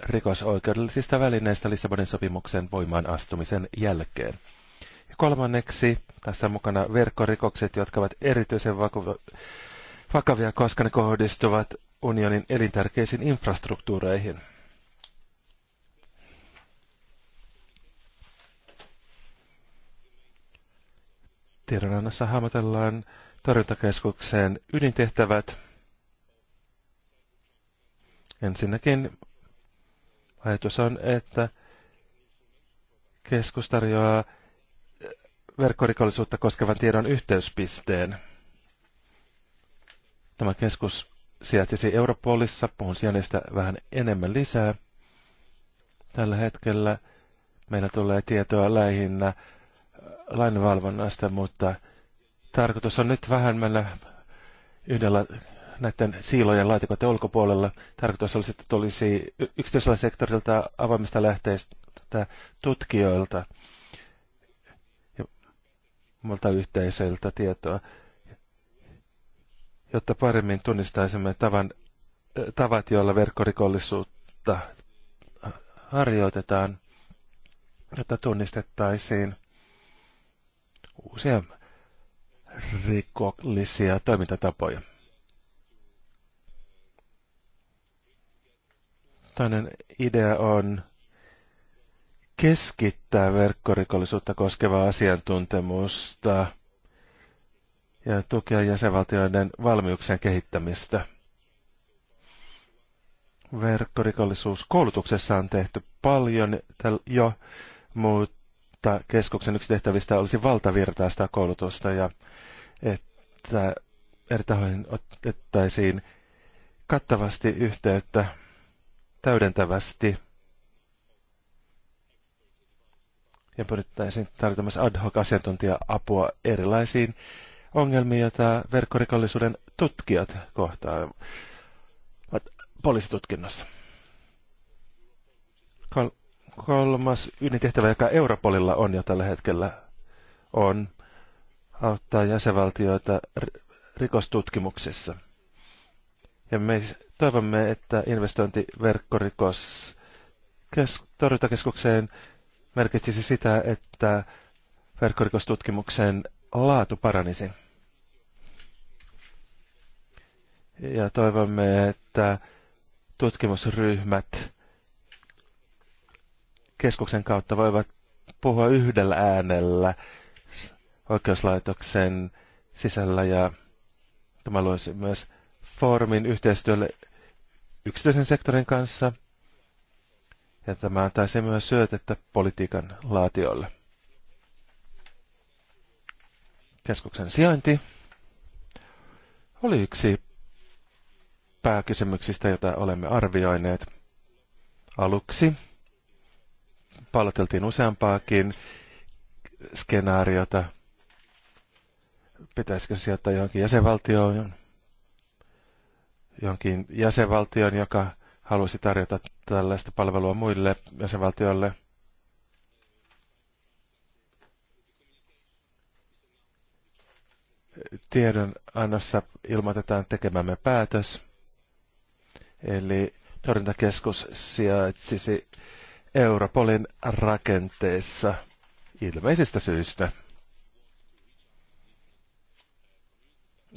rikosoikeudellisista välineistä Lissabonin sopimuksen voimaan astumisen jälkeen. Ja kolmanneksi tässä on mukana verkkorikokset, jotka ovat erityisen vakavia, koska ne kohdistuvat unionin elintärkeisiin infrastruktuureihin. Tiedonannossa hahmotellaan torjuntakeskuksen ydintehtävät. Ensinnäkin ajatus on, että keskus tarjoaa eh, verkkorikollisuutta koskevan tiedon yhteyspisteen. Tämä keskus sijaitsisi Europolissa, puhun sijainnista vähän enemmän lisää. Tällä hetkellä meillä tulee tietoa lähinnä lainvalvonnasta, mutta tarkoitus on nyt vähän mennä yhdellä näiden siilojen laatikoiden ulkopuolella. Tarkoitus olisi, että tulisi yksityisellä sektorilta avoimista lähteistä tutkijoilta ja muilta yhteisöiltä tietoa, jotta paremmin tunnistaisimme tavan, tavat, joilla verkkorikollisuutta harjoitetaan, jotta tunnistettaisiin uusia rikollisia toimintatapoja. Toinen idea on keskittää verkkorikollisuutta koskevaa asiantuntemusta ja tukea jäsenvaltioiden valmiuksien kehittämistä. Verkkorikollisuuskoulutuksessa on tehty paljon jo, mutta keskuksen yksi tehtävistä olisi valtavirtaista koulutusta ja että eri tahoihin otettaisiin kattavasti yhteyttä täydentävästi ja pyrittäisiin tarjota myös ad hoc asiantuntija-apua erilaisiin ongelmiin, joita verkkorikollisuuden tutkijat kohtaa poliisitutkinnossa kolmas ydintehtävä, joka Europolilla on jo tällä hetkellä, on auttaa jäsenvaltioita rikostutkimuksessa Ja me toivomme, että investointiverkkorikos torjuntakeskukseen merkitsisi sitä, että verkkorikostutkimuksen laatu paranisi. Ja toivomme, että tutkimusryhmät keskuksen kautta voivat puhua yhdellä äänellä oikeuslaitoksen sisällä ja tämä luisi myös foorumin yhteistyölle yksityisen sektorin kanssa ja tämä antaisi myös syötettä politiikan laatiolle. Keskuksen sijainti oli yksi pääkysymyksistä, jota olemme arvioineet aluksi palloteltiin useampaakin skenaariota. Pitäisikö sijoittaa johonkin jäsenvaltioon, johonkin jäsenvaltioon, joka halusi tarjota tällaista palvelua muille jäsenvaltioille. Tiedon annossa ilmoitetaan tekemämme päätös. Eli torjuntakeskus sijaitsisi Europolin rakenteessa ilmeisistä syistä.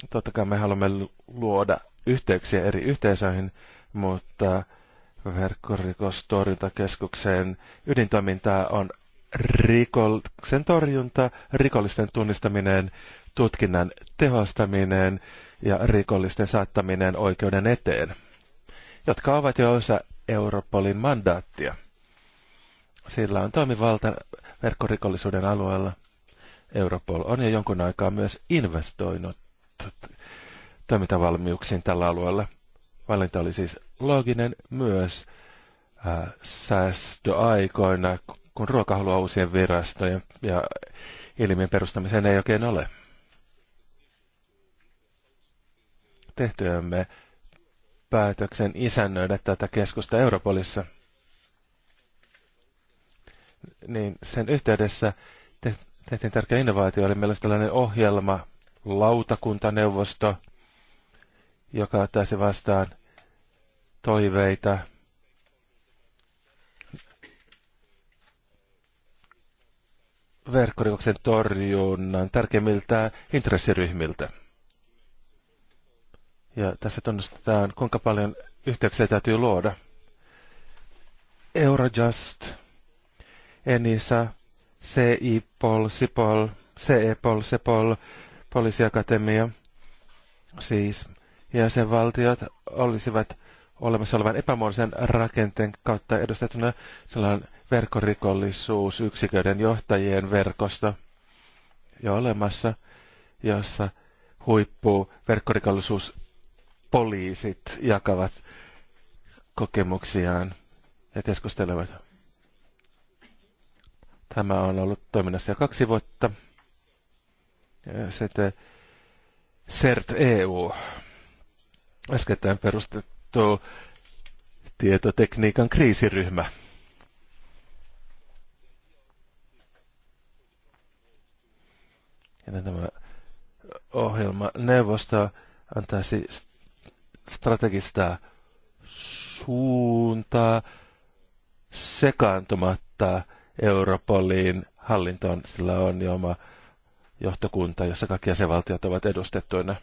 Totta kai me haluamme luoda yhteyksiä eri yhteisöihin, mutta verkkorikostorjuntakeskuksen ydintoimintaa on rikoksen torjunta, rikollisten tunnistaminen, tutkinnan tehostaminen ja rikollisten saattaminen oikeuden eteen, jotka ovat jo osa Europolin mandaattia. Sillä on toimivalta verkkorikollisuuden alueella. Europol on jo jonkun aikaa myös investoinut toimintavalmiuksiin tällä alueella. Valinta oli siis looginen myös äh, säästöaikoina, kun ruokahalua uusien virastojen ja ilmien perustamiseen ei oikein ole. Tehtyämme päätöksen isännöidä tätä keskusta Europolissa – niin sen yhteydessä tehtiin tärkeä innovaatio, eli meillä olisi tällainen ohjelma, lautakuntaneuvosto, joka ottaisi vastaan toiveita, verkkorikoksen torjunnan tärkeimmiltä intressiryhmiltä. Ja tässä tunnustetaan, kuinka paljon yhteyksiä täytyy luoda. Eurojust, ENISA, CIPOL, SIPOL, CEPOL, SEPOL, poliisiakatemia, siis jäsenvaltiot olisivat olemassa olevan epämuodollisen rakenteen kautta edustettuna sellainen verkkorikollisuus yksiköiden johtajien verkosto jo olemassa, jossa huippu verkkorikollisuus poliisit jakavat kokemuksiaan ja keskustelevat Tämä on ollut toiminnassa jo kaksi vuotta. Sitten CERT EU, äskettäin perustettu tietotekniikan kriisiryhmä. Ja tämä ohjelma neuvosto antaisi siis strategista suuntaa sekaantumatta Europoliin hallintoon. Sillä on jo oma johtokunta, jossa kaikki jäsenvaltiot ovat edustettuina.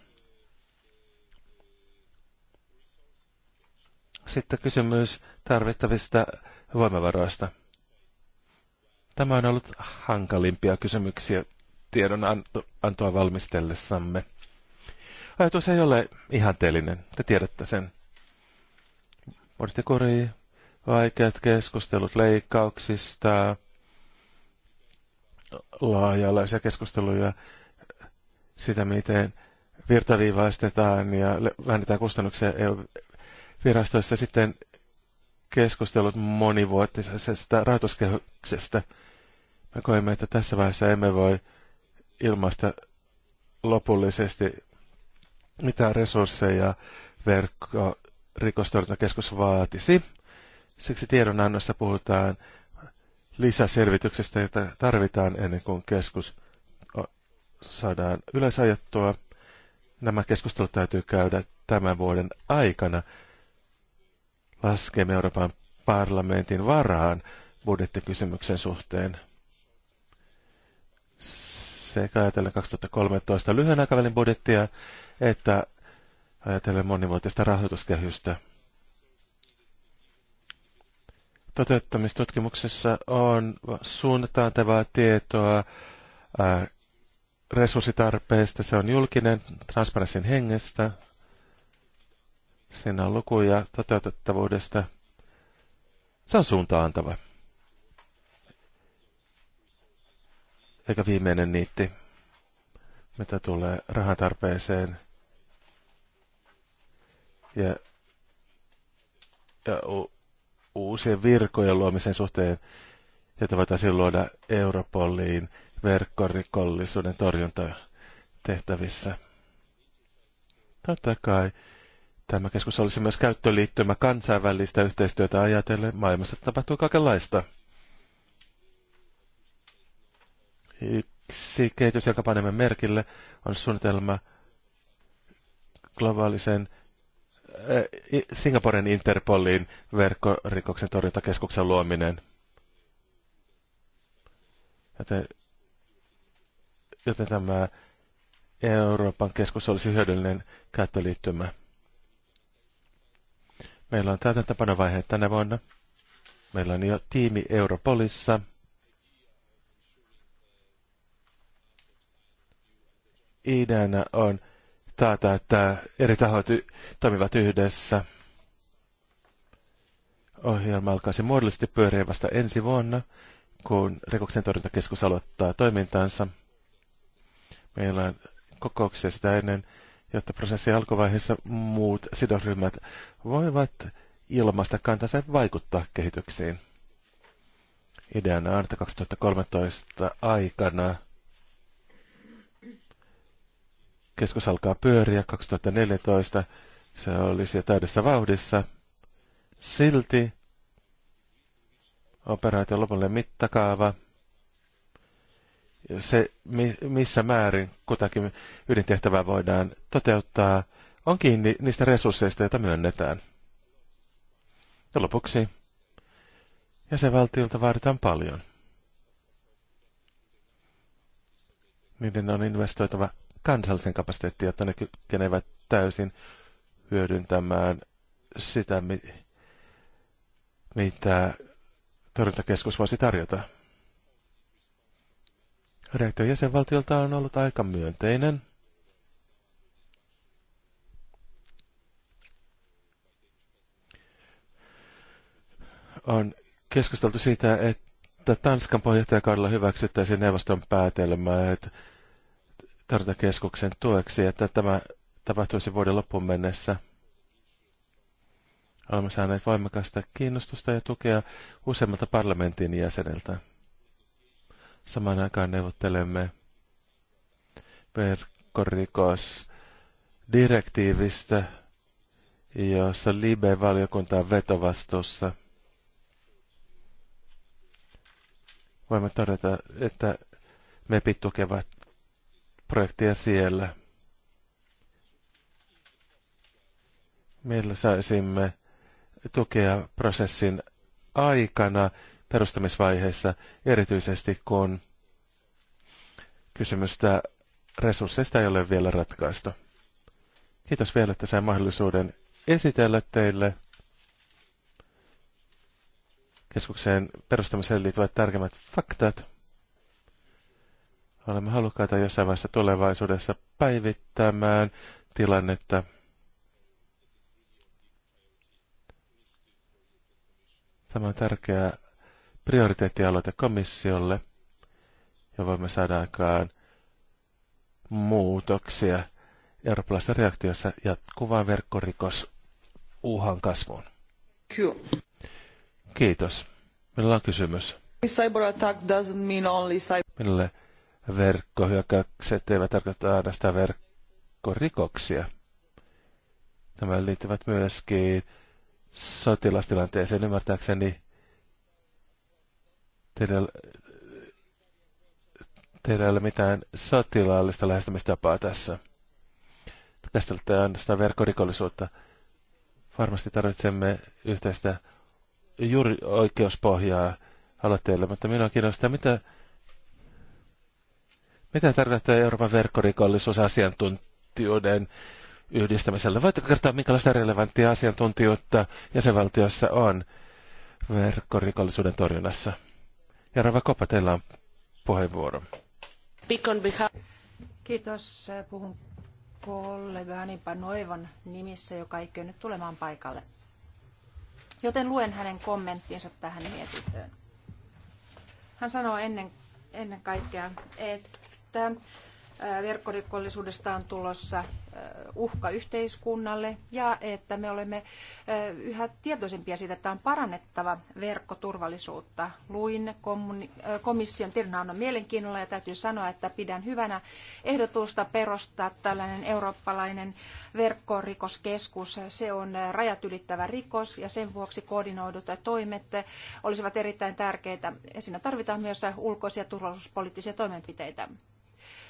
Sitten kysymys tarvittavista voimavaroista. Tämä on ollut hankalimpia kysymyksiä tiedon antoa valmistellessamme. Ajatus ei ole ihanteellinen, te tiedätte sen. Mortikori vaikeat keskustelut leikkauksista, laaja-alaisia keskusteluja sitä, miten virtaviivaistetaan ja vähennetään kustannuksia EU-virastoissa. Sitten keskustelut monivuotisesta rahoituskehyksestä. Me koemme, että tässä vaiheessa emme voi ilmaista lopullisesti mitään resursseja verkkorikostorjuntakeskus vaatisi. Siksi tiedonannossa puhutaan lisäselvityksestä, jota tarvitaan ennen kuin keskus saadaan yleisajattua. Nämä keskustelut täytyy käydä tämän vuoden aikana. Laskemme Euroopan parlamentin varaan budjettikysymyksen suhteen sekä ajatellen 2013 lyhyen aikavälin budjettia että ajatellen monivuotista rahoituskehystä toteuttamistutkimuksessa on suunnattavaa tietoa äh, resurssitarpeesta. Se on julkinen transparenssin hengestä. Siinä on lukuja toteutettavuudesta. Se on suuntaantava. Eikä viimeinen niitti, mitä tulee rahatarpeeseen. Ja, ja uusien virkojen luomisen suhteen, joita voitaisiin luoda Europoliin verkkorikollisuuden torjuntatehtävissä. Totta kai tämä keskus olisi myös käyttöliittymä kansainvälistä yhteistyötä ajatellen. Maailmassa tapahtuu kaikenlaista. Yksi kehitys, jonka panemme merkille, on suunnitelma globaalisen Äh, Singaporen Interpolin verkkorikoksen torjuntakeskuksen luominen. Joten, joten tämä Euroopan keskus olisi hyödyllinen käyttöliittymä. Meillä on täytäntöpanovaihe tänä vuonna. Meillä on jo tiimi Europolissa. Ideana on taata, että eri tahot toimivat yhdessä. Ohjelma alkaisi muodollisesti pyöriä vasta ensi vuonna, kun rikoksen torjuntakeskus aloittaa toimintansa. Meillä on kokouksia sitä ennen, jotta prosessin alkuvaiheessa muut sidosryhmät voivat ilmaista kantansa vaikuttaa kehityksiin. Ideana on, että 2013 aikana Keskus alkaa pyöriä 2014. Se olisi täydessä vauhdissa. Silti operaation lopullinen mittakaava, se missä määrin kutakin ydintehtävää voidaan toteuttaa, on kiinni niistä resursseista, joita myönnetään. Ja lopuksi jäsenvaltiolta vaaditaan paljon. Niiden on investoitava kansallisen kapasiteettiin, jotta ne kykenevät täysin hyödyntämään sitä, mitä torjuntakeskus voisi tarjota. Reaktio jäsenvaltiolta on ollut aika myönteinen. On keskusteltu siitä, että Tanskan puheenjohtajakaudella hyväksyttäisiin neuvoston päätelmää, että tartuntakeskuksen tueksi, että tämä tapahtuisi vuoden loppuun mennessä. Olemme saaneet voimakasta kiinnostusta ja tukea useammalta parlamentin jäseneltä. Samaan aikaan neuvottelemme verkkorikosdirektiivistä, jossa Libe-valiokunta on vetovastuussa. Voimme todeta, että MEPit tukevat projektia siellä. Meillä saisimme tukea prosessin aikana perustamisvaiheessa, erityisesti kun kysymystä resursseista ei ole vielä ratkaistu. Kiitos vielä, että sain mahdollisuuden esitellä teille keskukseen perustamiseen liittyvät tärkeimmät faktat. Olemme halukkaita jossain vaiheessa tulevaisuudessa päivittämään tilannetta. Tämä on tärkeä prioriteettialoite komissiolle, ja voimme saada aikaan muutoksia eurooppalaisessa reaktiossa jatkuvaan verkkorikos uhan kasvuun. Kiitos. Meillä on kysymys.
Cyber attack doesn't mean only cyber...
Minulle verkkohyökkäykset eivät tarkoita ainoastaan verkkorikoksia. Nämä liittyvät myöskin sotilastilanteeseen ymmärtääkseni teidän, teillä ei ole mitään sotilaallista lähestymistapaa tässä. Käsittelette ainoastaan verkkorikollisuutta. Varmasti tarvitsemme yhteistä juuri oikeuspohjaa aloitteelle, mutta minua kiinnostaa, mitä mitä tarkoittaa Euroopan verkkorikollisuusasiantuntijoiden yhdistämisellä? Voitteko kertoa, minkälaista relevanttia asiantuntijuutta jäsenvaltiossa on verkkorikollisuuden torjunnassa? Ja Rava Koppa, teillä on puheenvuoro.
Kiitos. Puhun kollegaani Panoivan nimissä, joka ei nyt tulemaan paikalle. Joten luen hänen kommenttinsa tähän mietintöön. Hän sanoo ennen, ennen kaikkea, että verkkorikollisuudesta on tulossa uhka yhteiskunnalle ja että me olemme yhä tietoisempia siitä, että on parannettava verkkoturvallisuutta. Luin komission tiedonannon mielenkiinnolla ja täytyy sanoa, että pidän hyvänä ehdotusta perustaa tällainen eurooppalainen verkkorikoskeskus. Se on rajat ylittävä rikos ja sen vuoksi koordinoidut toimet olisivat erittäin tärkeitä. Siinä tarvitaan myös ulkoisia turvallisuuspoliittisia toimenpiteitä.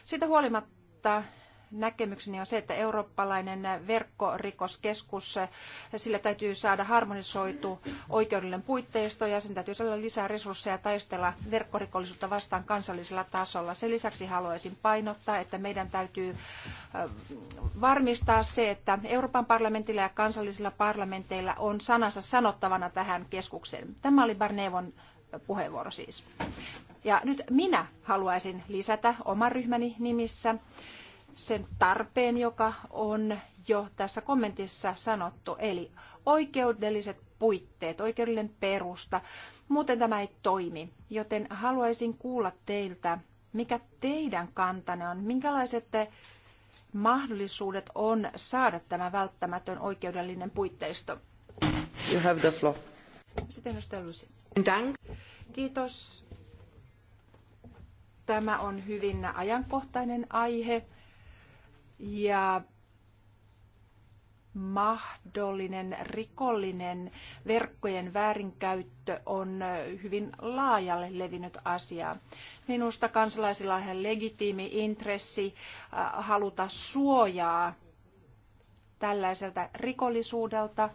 Siitä huolimatta näkemykseni on se, että eurooppalainen verkkorikoskeskus, sillä täytyy saada harmonisoitu oikeudellinen puitteisto ja sen täytyy saada lisää resursseja taistella verkkorikollisuutta vastaan kansallisella tasolla. Sen lisäksi haluaisin painottaa, että meidän täytyy varmistaa se, että Euroopan parlamentilla ja kansallisilla parlamenteilla on sanansa sanottavana tähän keskukseen. Tämä oli Barnevon puheenvuoro siis. Ja nyt minä haluaisin lisätä oman ryhmäni nimissä sen tarpeen, joka on jo tässä kommentissa sanottu, eli oikeudelliset puitteet, oikeudellinen perusta. Muuten tämä ei toimi, joten haluaisin kuulla teiltä, mikä teidän kantanne on, minkälaiset mahdollisuudet on saada tämä välttämätön oikeudellinen puitteisto.
You have the floor.
Sitten Kiitos Tämä on hyvin ajankohtainen aihe ja mahdollinen rikollinen verkkojen väärinkäyttö on hyvin laajalle levinnyt asia. Minusta kansalaisilla on legitiimi intressi äh, haluta suojaa tällaiselta rikollisuudelta,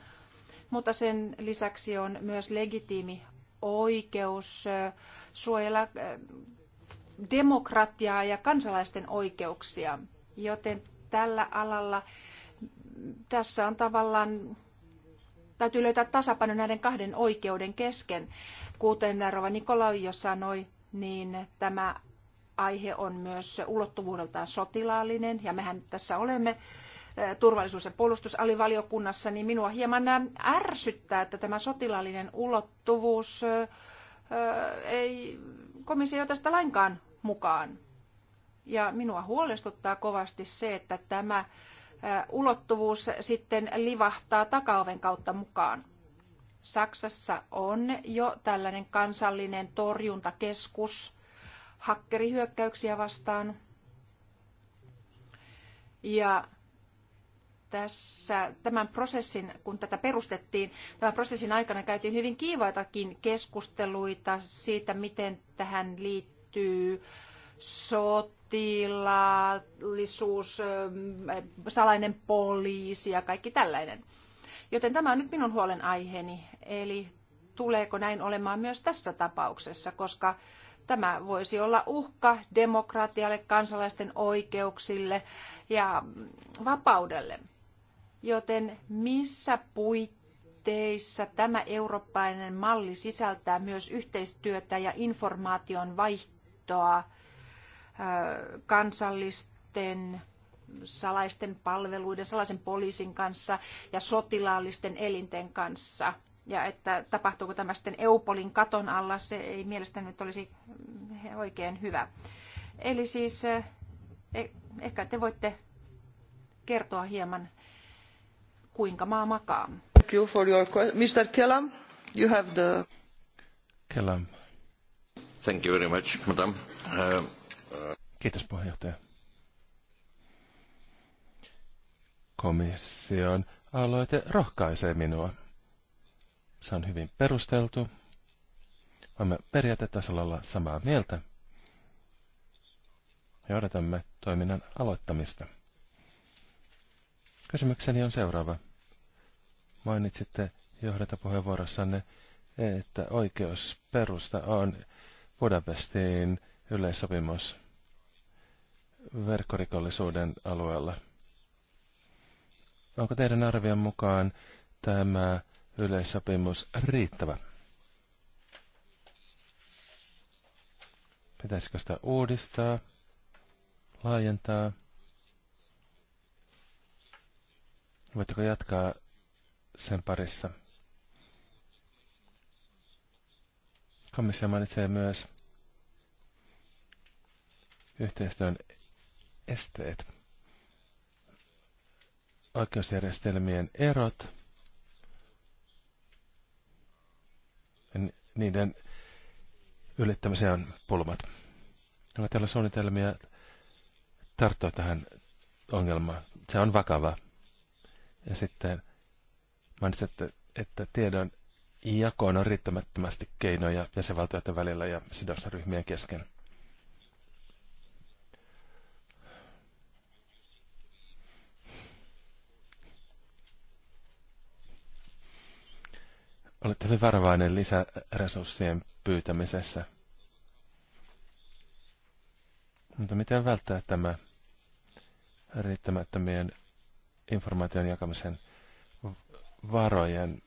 mutta sen lisäksi on myös legitiimi oikeus äh, suojella äh, demokratiaa ja kansalaisten oikeuksia. Joten tällä alalla tässä on tavallaan täytyy löytää tasapaino näiden kahden oikeuden kesken. Kuten Rova Nikolai jo sanoi, niin tämä aihe on myös ulottuvuudeltaan sotilaallinen, ja mehän tässä olemme eh, turvallisuus- ja puolustusalivaliokunnassa, niin minua hieman eh, ärsyttää, että tämä sotilaallinen ulottuvuus eh, ei komissio tästä lainkaan mukaan. Ja minua huolestuttaa kovasti se, että tämä ulottuvuus sitten livahtaa takaoven kautta mukaan. Saksassa on jo tällainen kansallinen torjuntakeskus hakkerihyökkäyksiä vastaan. Ja tässä tämän prosessin, kun tätä perustettiin, tämän prosessin aikana käytiin hyvin kiivaitakin keskusteluita siitä, miten tähän liittyy liittyy sotilaallisuus, salainen poliisi ja kaikki tällainen. Joten tämä on nyt minun huolenaiheeni, eli tuleeko näin olemaan myös tässä tapauksessa, koska tämä voisi olla uhka demokratialle, kansalaisten oikeuksille ja vapaudelle. Joten missä puitteissa tämä eurooppalainen malli sisältää myös yhteistyötä ja informaation vaihtoa? tietoa kansallisten salaisten palveluiden, salaisen poliisin kanssa ja sotilaallisten elinten kanssa. Ja että tapahtuuko tämä sitten Eupolin katon alla, se ei mielestäni nyt olisi oikein hyvä. Eli siis e, ehkä te voitte kertoa hieman, kuinka maa makaa.
Thank you for your Mr. Kellam, you have the...
Kellam, Thank you very much, madam. Kiitos puheenjohtaja. Komission aloite rohkaisee minua. Se on hyvin perusteltu. Olemme periaatetasolla olla samaa mieltä ja odotamme toiminnan aloittamista. Kysymykseni on seuraava. Mainitsitte johdatapuheenvuorossanne, että oikeusperusta on Budapestiin yleissopimus verkkorikollisuuden alueella. Onko teidän arvion mukaan tämä yleissopimus riittävä? Pitäisikö sitä uudistaa, laajentaa? Voitteko jatkaa sen parissa? Komissio mainitsee myös yhteistyön esteet, oikeusjärjestelmien erot, niiden ylittämiseen on pulmat. Onko teillä suunnitelmia tarttua tähän ongelmaan? Se on vakava. Ja sitten mainitsette, että tiedon jakoon on riittämättömästi keinoja jäsenvaltioiden välillä ja sidosryhmien kesken. Olette hyvin varovainen lisäresurssien pyytämisessä. Mutta miten välttää tämä riittämättömien informaation jakamisen varojen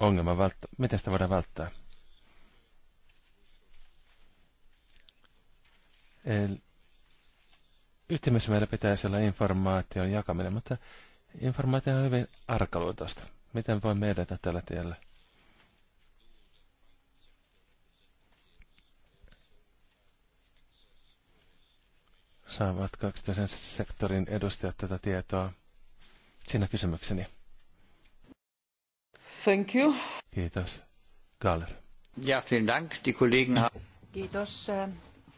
ongelman välttää? Miten sitä voidaan välttää? Eli meillä pitäisi olla informaation jakaminen, mutta informaatio on hyvin arkaluontoista. Miten voi edetä tällä tiellä? Saavatko yksityisen sektorin edustajat tätä tietoa? Siinä kysymykseni. Thank you. Kiitos. Galler. Ja, vielen Dank. Die
Kollegen
Kiitos.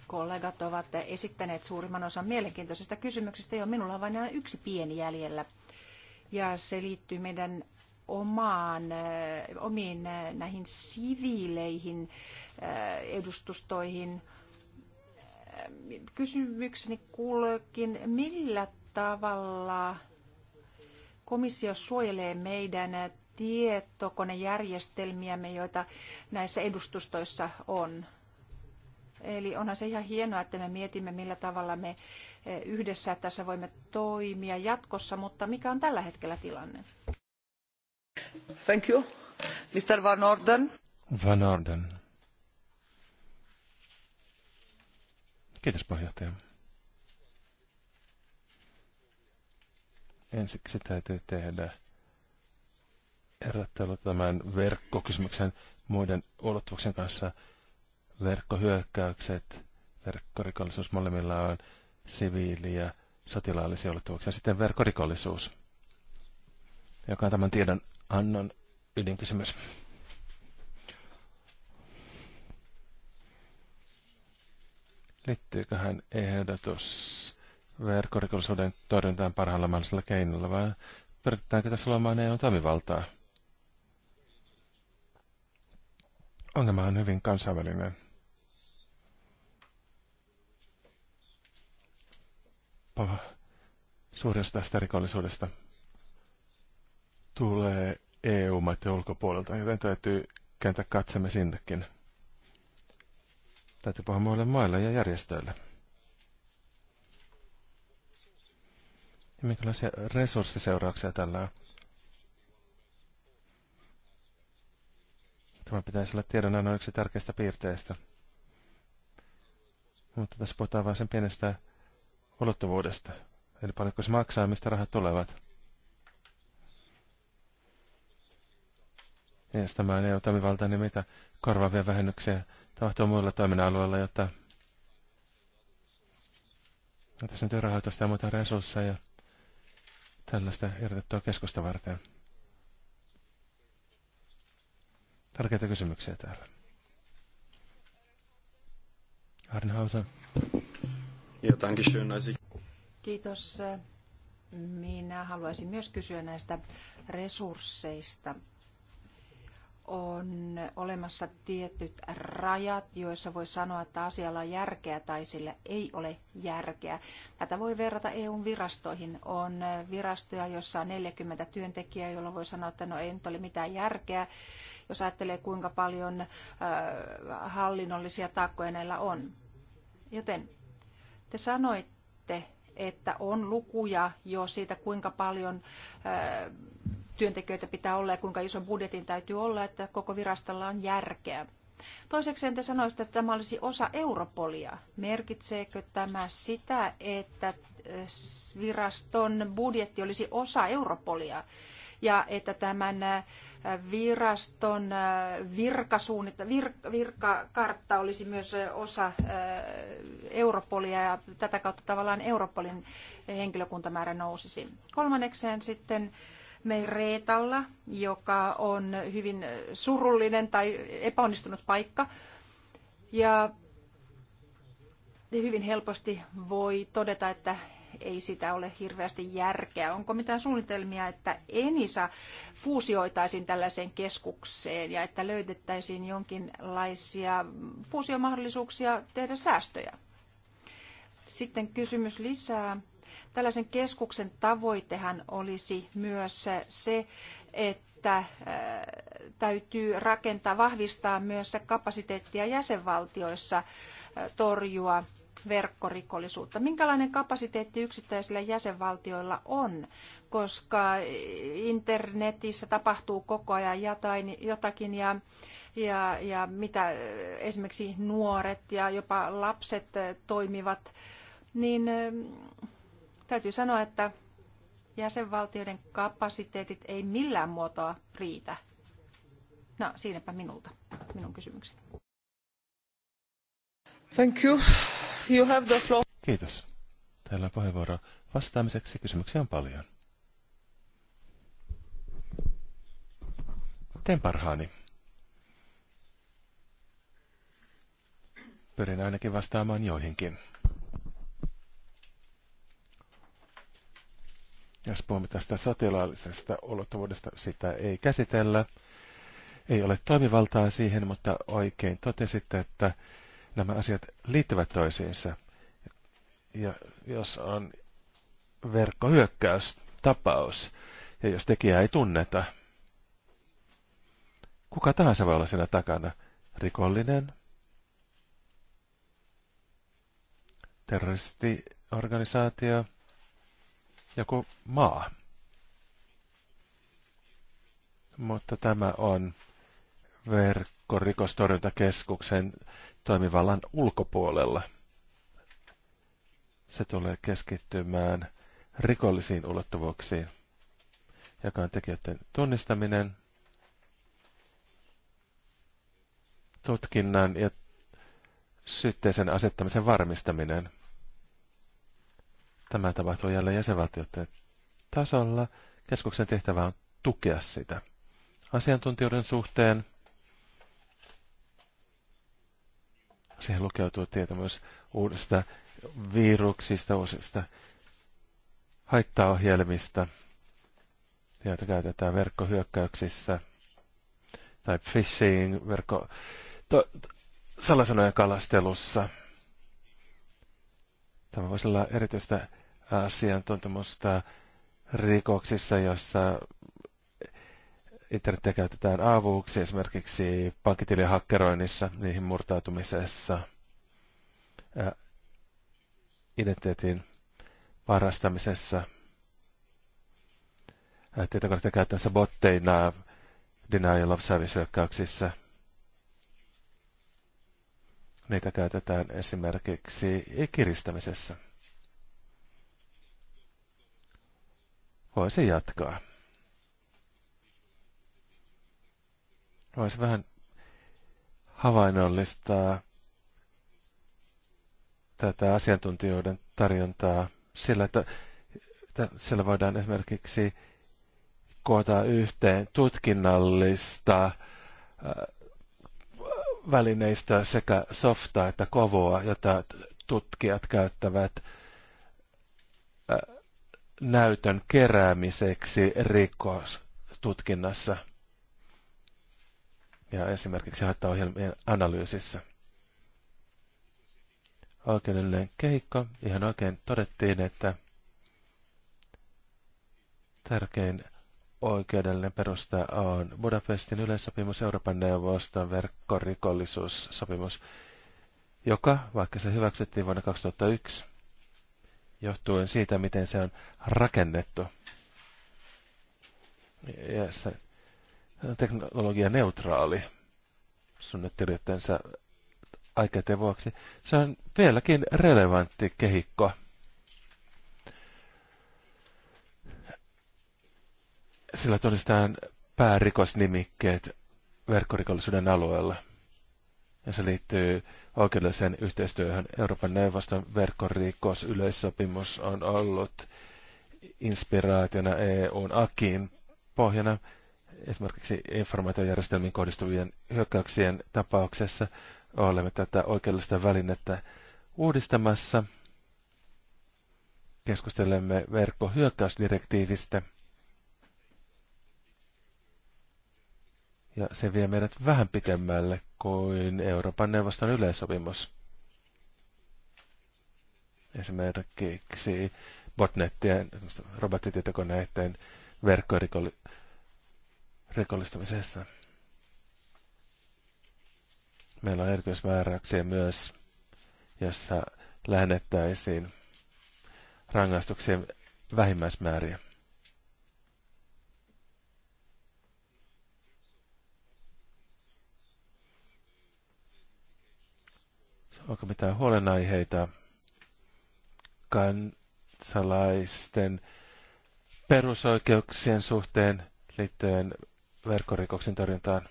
Kollegat ovat esittäneet suurimman osan mielenkiintoisista kysymyksistä, jo minulla on vain yksi pieni jäljellä. Ja se liittyy meidän omaan, omiin näihin siviileihin, edustustoihin. Kysymykseni kuuluukin, millä tavalla komissio suojelee meidän tietokonejärjestelmiämme, joita näissä edustustoissa on. Eli onhan se ihan hienoa, että me mietimme, millä tavalla me eh, yhdessä tässä voimme toimia jatkossa, mutta mikä on tällä hetkellä tilanne?
Thank you. Mr. Van Orden.
Van Orden. Kiitos puheenjohtaja. Ensiksi täytyy tehdä erottelu tämän verkkokysymyksen muiden ulottuvuuksien kanssa. Verkkohyökkäykset, verkkorikollisuus molemmilla on siviili- ja sotilaallisia ulottuvuuksia. Sitten verkkorikollisuus, joka on tämän tiedon annon ydinkysymys. Liittyyköhän ehdotus verkkorikollisuuden torjuntaan parhaalla mahdollisella keinolla vai pyritäänkö tässä olemaan eu toimivaltaa? Ongelma on hyvin kansainvälinen. Pava, suuresta tästä rikollisuudesta tulee EU-maiden ulkopuolelta, joten täytyy kääntää katsemme sinnekin. Täytyy puhua muille maille ja järjestöille. Ja minkälaisia resurssiseurauksia tällä on? Tämä pitäisi olla tiedonannon yksi tärkeistä piirteistä. Mutta tässä puhutaan vain sen pienestä ulottuvuudesta. Eli paljonko se maksaa ja mistä rahat tulevat. Ja tämä ei ole toimivalta, niin mitä korvaavia vähennyksiä tapahtuu muilla toiminnan alueilla, jotta tässä on työrahoitusta ja muita resursseja tällaista irrotettua keskusta varten. tärkeitä kysymyksiä täällä. Hauser.
Kiitos. Minä haluaisin myös kysyä näistä resursseista on olemassa tietyt rajat, joissa voi sanoa, että asialla on järkeä tai sillä ei ole järkeä. Tätä voi verrata eu virastoihin. On virastoja, joissa on 40 työntekijää, joilla voi sanoa, että no ei nyt ole mitään järkeä, jos ajattelee kuinka paljon hallinnollisia taakkoja näillä on. Joten te sanoitte, että on lukuja jo siitä, kuinka paljon työntekijöitä pitää olla ja kuinka ison budjetin täytyy olla, että koko virastolla on järkeä. Toisekseen te sanoisitte, että tämä olisi osa Europolia. Merkitseekö tämä sitä, että viraston budjetti olisi osa Europolia ja että tämän äh, viraston äh, virkasuunnit- vir- virkakartta olisi myös äh, osa Europolia ja tätä kautta tavallaan Europolin henkilökuntamäärä nousisi. Kolmanneksi sitten Meiretalla, joka on hyvin surullinen tai epäonnistunut paikka. Ja hyvin helposti voi todeta, että ei sitä ole hirveästi järkeä. Onko mitään suunnitelmia, että Enisa fuusioitaisiin tällaiseen keskukseen ja että löydettäisiin jonkinlaisia fuusiomahdollisuuksia tehdä säästöjä? Sitten kysymys lisää Tällaisen keskuksen tavoitehan olisi myös se, että äh, täytyy rakentaa, vahvistaa myös kapasiteettia jäsenvaltioissa äh, torjua verkkorikollisuutta. Minkälainen kapasiteetti yksittäisillä jäsenvaltioilla on, koska internetissä tapahtuu koko ajan jotain, jotakin ja, ja, ja mitä äh, esimerkiksi nuoret ja jopa lapset toimivat, niin ähm, Täytyy sanoa, että jäsenvaltioiden kapasiteetit ei millään muotoa riitä. No, siinäpä minulta, minun kysymykseni.
Thank you. You have the floor. Kiitos. Täällä on puheenvuoro vastaamiseksi. Kysymyksiä on paljon. Teen parhaani. Pyrin ainakin vastaamaan joihinkin. Jos puhumme tästä sotilaallisesta ulottuvuudesta, sitä ei käsitellä. Ei ole toimivaltaa siihen, mutta oikein totesitte, että nämä asiat liittyvät toisiinsa. Ja jos on verkkohyökkäys, tapaus, ja jos tekijää ei tunneta, kuka tahansa voi olla siinä takana, rikollinen, terroristiorganisaatio, joku maa. Mutta tämä on verkkorikostorjuntakeskuksen toimivallan ulkopuolella. Se tulee keskittymään rikollisiin ulottuvuuksiin, joka on tekijöiden tunnistaminen, tutkinnan ja syytteisen asettamisen varmistaminen – Tämä tapahtuu jälleen jäsenvaltioiden tasolla. Keskuksen tehtävä on tukea sitä. Asiantuntijoiden suhteen siihen lukeutuu tietämys uudesta viruksista, uusista haittaohjelmista, joita käytetään verkkohyökkäyksissä tai phishing, verkko, to, salasanojen kalastelussa. Tämä voisi olla erityistä asiantuntemusta rikoksissa, joissa internetiä käytetään avuksi, esimerkiksi pankkitilien hakkeroinnissa, niihin murtautumisessa, identiteetin varastamisessa, tietokoneiden käytännössä botteina, denial of service-hyökkäyksissä. Niitä käytetään esimerkiksi kiristämisessä. se jatkaa. Voisi vähän havainnollistaa tätä asiantuntijoiden tarjontaa sillä, että, että sillä voidaan esimerkiksi koota yhteen tutkinnallista välineistä äh, välineistöä sekä softaa että kovoa, jota tutkijat käyttävät äh, näytön keräämiseksi rikostutkinnassa ja esimerkiksi haittaohjelmien analyysissä. Oikeudellinen keikka. Ihan oikein todettiin, että tärkein oikeudellinen perusta on Budapestin yleissopimus Euroopan neuvoston verkkorikollisuussopimus, joka, vaikka se hyväksyttiin vuonna 2001, johtuen siitä, miten se on rakennettu. Ja se teknologia neutraali suunnittelijoidensa aikeiden vuoksi. Se on vieläkin relevantti kehikko. Sillä todistetaan päärikosnimikkeet verkkorikollisuuden alueella – ja se liittyy oikeudelliseen yhteistyöhön. Euroopan neuvoston yleissopimus on ollut inspiraationa EUn akiin pohjana esimerkiksi informaatiojärjestelmiin kohdistuvien hyökkäyksien tapauksessa olemme tätä oikeudellista välinettä uudistamassa. Keskustelemme verkkohyökkäysdirektiivistä – Ja se vie meidät vähän pikemmälle kuin Euroopan neuvoston yleisopimus. Esimerkiksi botnettien, robottitietokoneiden verkkorikollistamisessa. Meillä on erityismääräyksiä myös, jossa lähennettäisiin rangaistuksien vähimmäismääriä. Onko mitään huolenaiheita kansalaisten perusoikeuksien suhteen liittyen verkkorikoksen torjuntaan?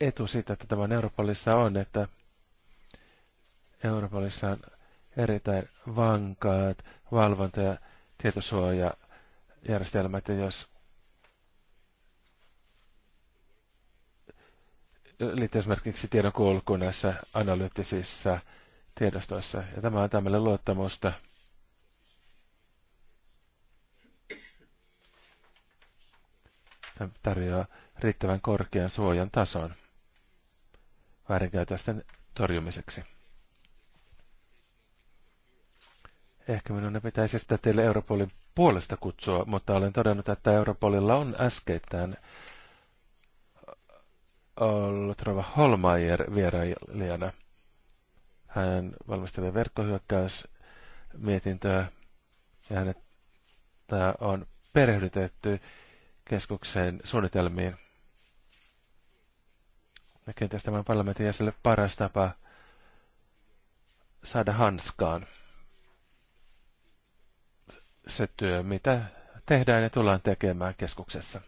Etu siitä, että tämä Europolissa on, että Europolissa on erittäin vankaat valvonta- ja tietosuojajärjestelmät, ja jos liittyy esimerkiksi tiedon kulkuun näissä analyyttisissa tiedostoissa. Ja tämä antaa meille luottamusta. Tämä tarjoaa riittävän korkean suojan tason väärinkäytösten torjumiseksi. Ehkä minun pitäisi sitä teille Europolin puolesta kutsua, mutta olen todennut, että Europolilla on äskeittäin ollut Rova Holmeier vierailijana. Hän valmistelee verkkohyökkäysmietintöä mietintöä ja hänet tämä on perehdytetty keskuksen suunnitelmiin. Ja kenties tämän parlamentin jäsenelle paras tapa saada hanskaan se työ, mitä tehdään ja tullaan tekemään keskuksessa.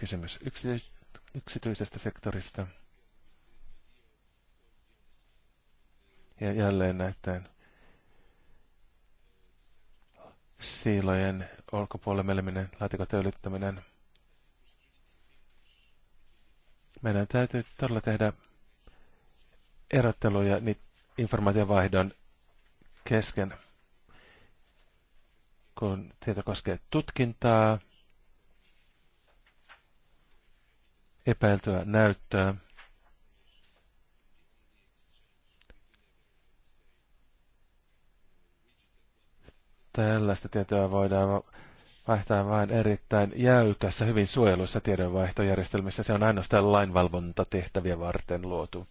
kysymys yksityisestä sektorista. Ja jälleen näyttäen siilojen ulkopuolelle meleminen, laatikoiden ylittäminen. Meidän täytyy todella tehdä erotteluja niitä informaatiovaihdon kesken, kun tieto koskee tutkintaa, epäiltyä näyttöä. Tällaista tietoa voidaan vaihtaa vain erittäin jäykässä, hyvin suojelussa tiedonvaihtojärjestelmissä. Se on ainoastaan lainvalvontatehtäviä varten luotu,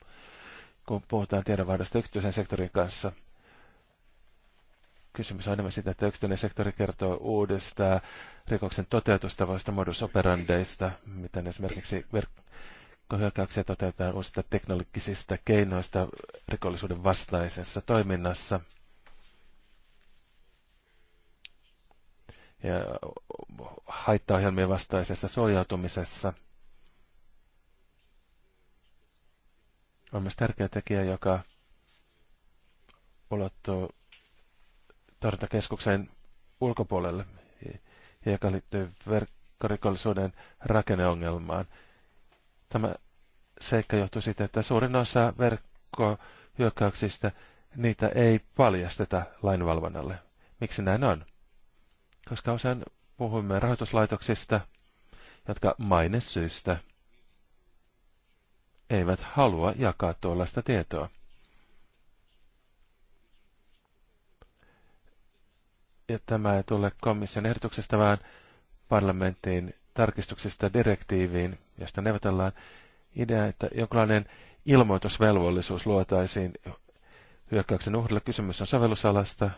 kun puhutaan tiedonvaihdosta yksityisen sektorin kanssa – Kysymys on enemmän siitä, että yksityinen sektori kertoo uudesta rikoksen toteutustavoista modus operandeista, miten esimerkiksi verkkohyökkäyksiä toteutetaan uusista teknologisista keinoista rikollisuuden vastaisessa toiminnassa. ja haittaohjelmien vastaisessa suojautumisessa. On myös tärkeä tekijä, joka ulottuu keskuksen ulkopuolelle, joka liittyy verkkorikollisuuden rakenneongelmaan. Tämä seikka johtuu siitä, että suurin osa verkkohyökkäyksistä niitä ei paljasteta lainvalvonnalle. Miksi näin on? Koska usein puhumme rahoituslaitoksista, jotka mainesyistä eivät halua jakaa tuollaista tietoa. ja tämä ei tule komission ehdotuksesta, vaan parlamenttiin tarkistuksesta direktiiviin, josta neuvotellaan idea, että jonkinlainen ilmoitusvelvollisuus luotaisiin hyökkäyksen uhrille. Kysymys on sovellusalasta.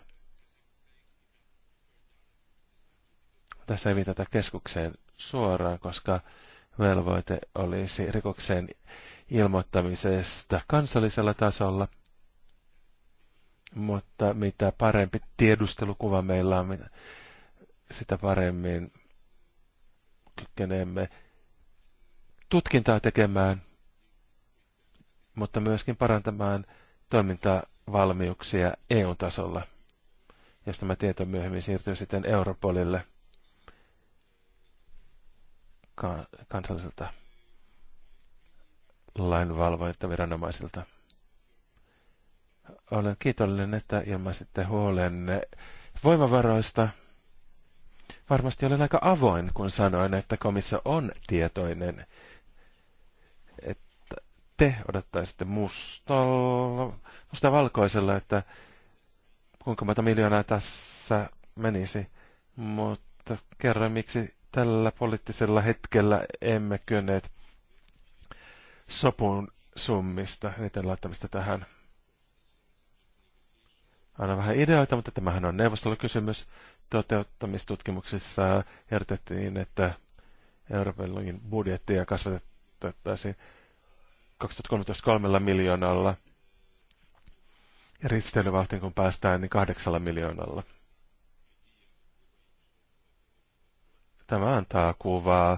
Tässä ei viitata keskukseen suoraan, koska velvoite olisi rikokseen ilmoittamisesta kansallisella tasolla – mutta mitä parempi tiedustelukuva meillä on, sitä paremmin kykenemme tutkintaa tekemään, mutta myöskin parantamaan toimintavalmiuksia EU-tasolla, jos tämä tieto myöhemmin siirtyy sitten Europolille kansalliselta lainvalvonta viranomaisilta. Olen kiitollinen, että ilmaisitte huolenne voimavaroista. Varmasti olen aika avoin, kun sanoin, että komissio on tietoinen, että te odottaisitte mustalla, musta valkoisella, että kuinka monta miljoonaa tässä menisi. Mutta kerran, miksi tällä poliittisella hetkellä emme kyenneet sopun summista, niiden laittamista tähän Aina vähän ideoita, mutta tämähän on neuvostolokysymys. Toteuttamistutkimuksissa ehdotettiin, että Euroopan unionin budjettia kasvatettaisiin 2013 kolmella miljoonalla ja risteilyvauhtiin kun päästään, niin kahdeksalla miljoonalla. Tämä antaa kuvaa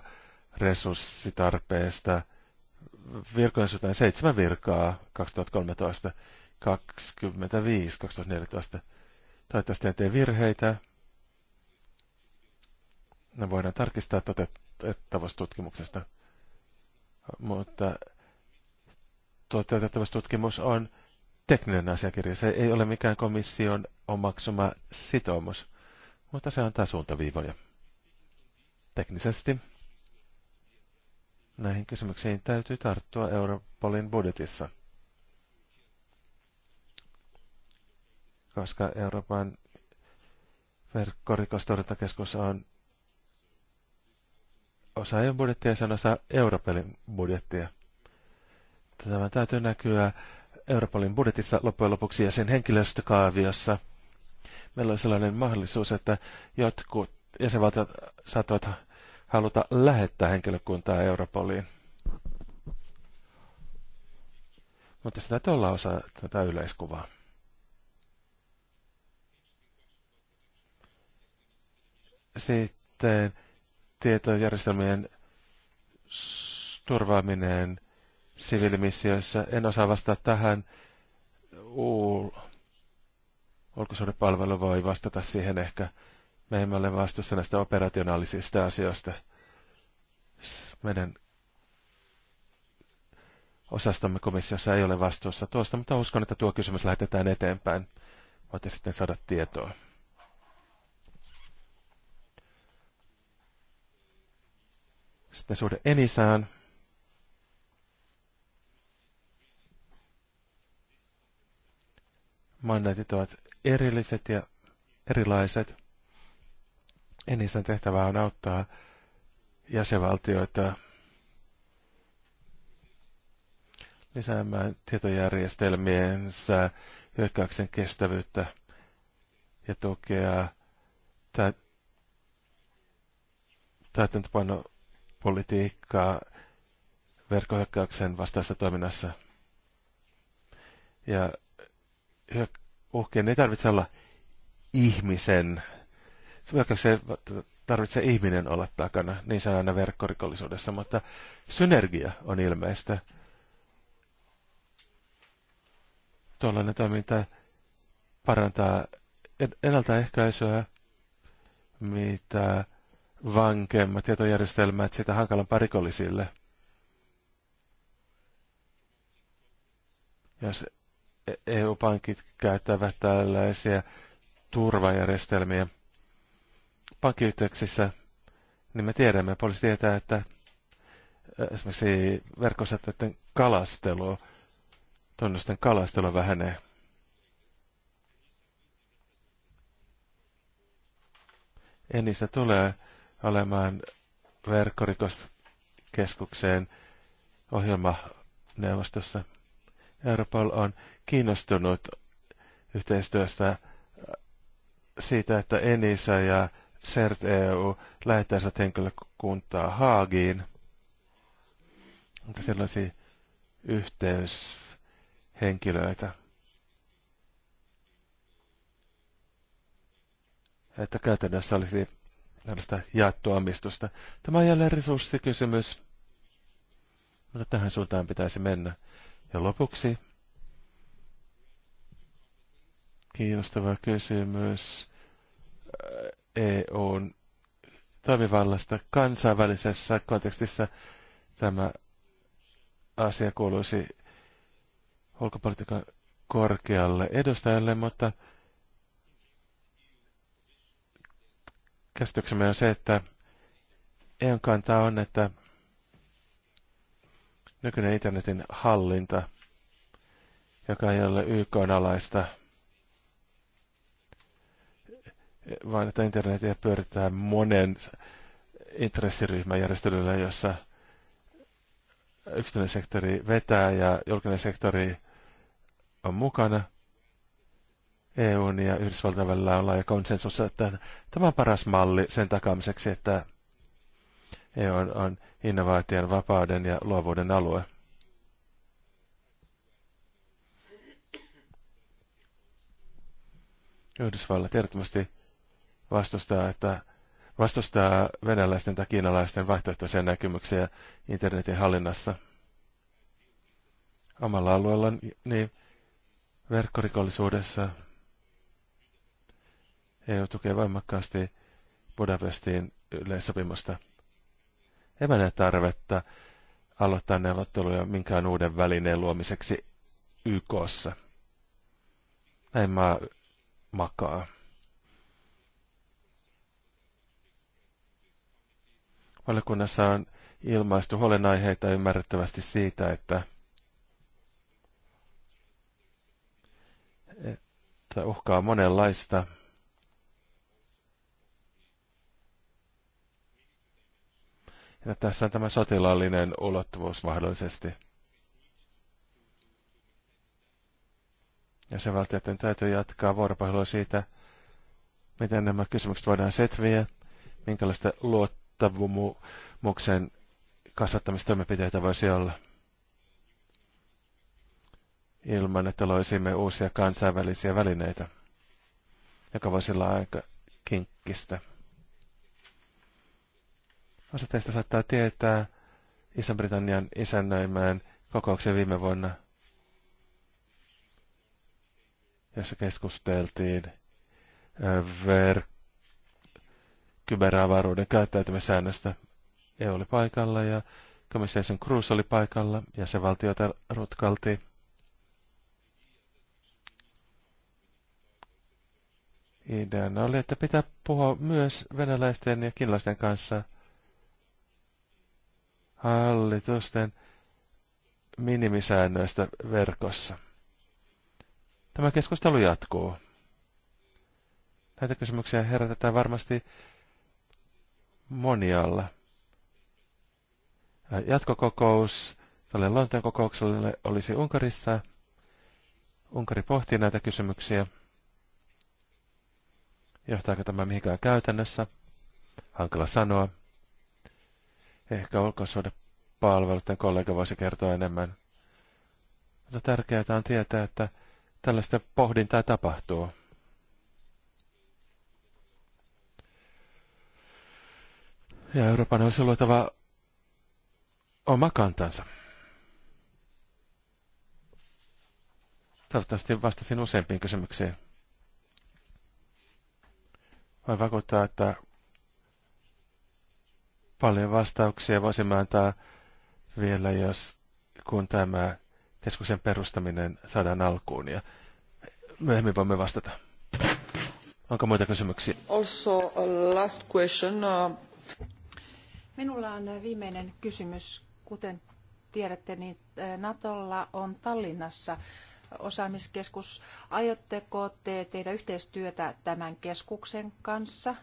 resurssitarpeesta virkojen suhteen seitsemän virkaa 2013 25 2014. Toivottavasti en tee virheitä. Ne voidaan tarkistaa tutkimuksesta, Mutta tutkimus on tekninen asiakirja. Se ei ole mikään komission omaksuma sitoumus, mutta se antaa suuntaviivoja. Teknisesti näihin kysymyksiin täytyy tarttua Europolin budjetissa – koska Euroopan verkkorikostorjuntakeskus on osa EU-budjettia ja se osa Europelin budjettia. Tämä täytyy näkyä Europolin budjetissa loppujen lopuksi ja sen henkilöstökaaviossa. Meillä on sellainen mahdollisuus, että jotkut jäsenvaltiot saattavat haluta lähettää henkilökuntaa Europoliin. Mutta se täytyy olla osa tätä yleiskuvaa. Sitten tietojärjestelmien turvaaminen siviilimissioissa. En osaa vastata tähän. Uul. Ulkosuhdepalvelu voi vastata siihen ehkä. Me emme ole vastuussa näistä operationaalisista asioista. Meidän osastomme komissiossa ei ole vastuussa tuosta, mutta uskon, että tuo kysymys lähetetään eteenpäin. Voitte sitten saada tietoa. Sitten suhde enisään. Mandaatit ovat erilliset ja erilaiset. Enisan tehtävä on auttaa jäsenvaltioita lisäämään tietojärjestelmiensä hyökkäyksen kestävyyttä ja tukea täytäntöpano politiikkaa verkkohyökkäyksen vastaisessa toiminnassa. Ja uhkien ei tarvitse olla ihmisen, hyökkäyksen tarvitsee ihminen olla takana, niin se on aina verkkorikollisuudessa, mutta synergia on ilmeistä. Tuollainen toiminta parantaa ennaltaehkäisyä, mitä vankemmat tietojärjestelmät sitä hankalampaa rikollisille. Jos EU-pankit käyttävät tällaisia turvajärjestelmiä pankkiyhteyksissä, niin me tiedämme, poliisi tietää, että esimerkiksi verkkosäätöiden kalastelu, tunnusten kalastelu vähenee. niistä tulee olemaan verkkorikoskeskukseen ohjelmaneuvostossa. Europol on kiinnostunut yhteistyöstä siitä, että Enisa ja CERT-EU lähettäisivät henkilökuntaa Haagiin. Mutta siellä olisi yhteyshenkilöitä. Että käytännössä olisi tällaista jaettua omistusta. Tämä on jälleen resurssikysymys, mutta tähän suuntaan pitäisi mennä. Ja lopuksi kiinnostava kysymys EUn toimivallasta kansainvälisessä kontekstissa. Tämä asia kuuluisi ulkopolitiikan korkealle edustajalle, mutta käsityksemme on se, että EUn kantaa on, että nykyinen internetin hallinta, joka ei ole YK-alaista, vaan että internetiä pyöritään monen intressiryhmän järjestelyllä, jossa yksityinen sektori vetää ja julkinen sektori on mukana – EUn ja Yhdysvaltain välillä on laaja konsensus, että tämä on paras malli sen takaamiseksi, että EU on, on innovaation, vapauden ja luovuuden alue. Yhdysvallat tietysti vastustaa, että vastustaa venäläisten tai kiinalaisten vaihtoehtoisia näkemyksiä internetin hallinnassa. Omalla alueella niin verkkorikollisuudessa EU tukee voimakkaasti Budapestin yleissopimusta. Emme näe tarvetta aloittaa neuvotteluja minkään uuden välineen luomiseksi YKssa. Näin maa makaa. Valiokunnassa on ilmaistu huolenaiheita ymmärrettävästi siitä, että, tämä uhkaa monenlaista Ja tässä on tämä sotilaallinen ulottuvuus mahdollisesti. Ja sen valtioiden täytyy jatkaa vuoropuhelua siitä, miten nämä kysymykset voidaan setviä, minkälaista luottamuksen kasvattamistoimenpiteitä voisi olla ilman, että loisimme uusia kansainvälisiä välineitä, joka voisi olla aika kinkkistä. Osa teistä saattaa tietää Iso-Britannian isännöimään kokouksen viime vuonna, jossa keskusteltiin ver- kyberavaruuden käyttäytymisäännöstä. EU oli paikalla ja Commission Cruz oli paikalla ja se valtiota rutkalti. Ideana oli, että pitää puhua myös venäläisten ja kiinalaisten kanssa – hallitusten minimisäännöistä verkossa. Tämä keskustelu jatkuu. Näitä kysymyksiä herätetään varmasti monialla. Jatkokokous tälle Lontoon kokoukselle olisi Unkarissa. Unkari pohtii näitä kysymyksiä. Johtaako tämä mihinkään käytännössä? Hankala sanoa. Ehkä ulkosuhdepalveluiden kollega voisi kertoa enemmän. Mutta tärkeää on tietää, että tällaista pohdintaa tapahtuu. Ja Euroopan olisi luotava oma kantansa. Toivottavasti vastasin useampiin kysymyksiin. Voin vakuuttaa, että Paljon vastauksia voisimme antaa vielä, jos kun tämä keskuksen perustaminen saadaan alkuun ja myöhemmin voimme vastata. Onko muita kysymyksiä?
Also last question. Uh,
Minulla on uh, viimeinen kysymys. Kuten tiedätte, niin uh, Natolla on Tallinnassa osaamiskeskus. Aiotteko te tehdä yhteistyötä tämän keskuksen kanssa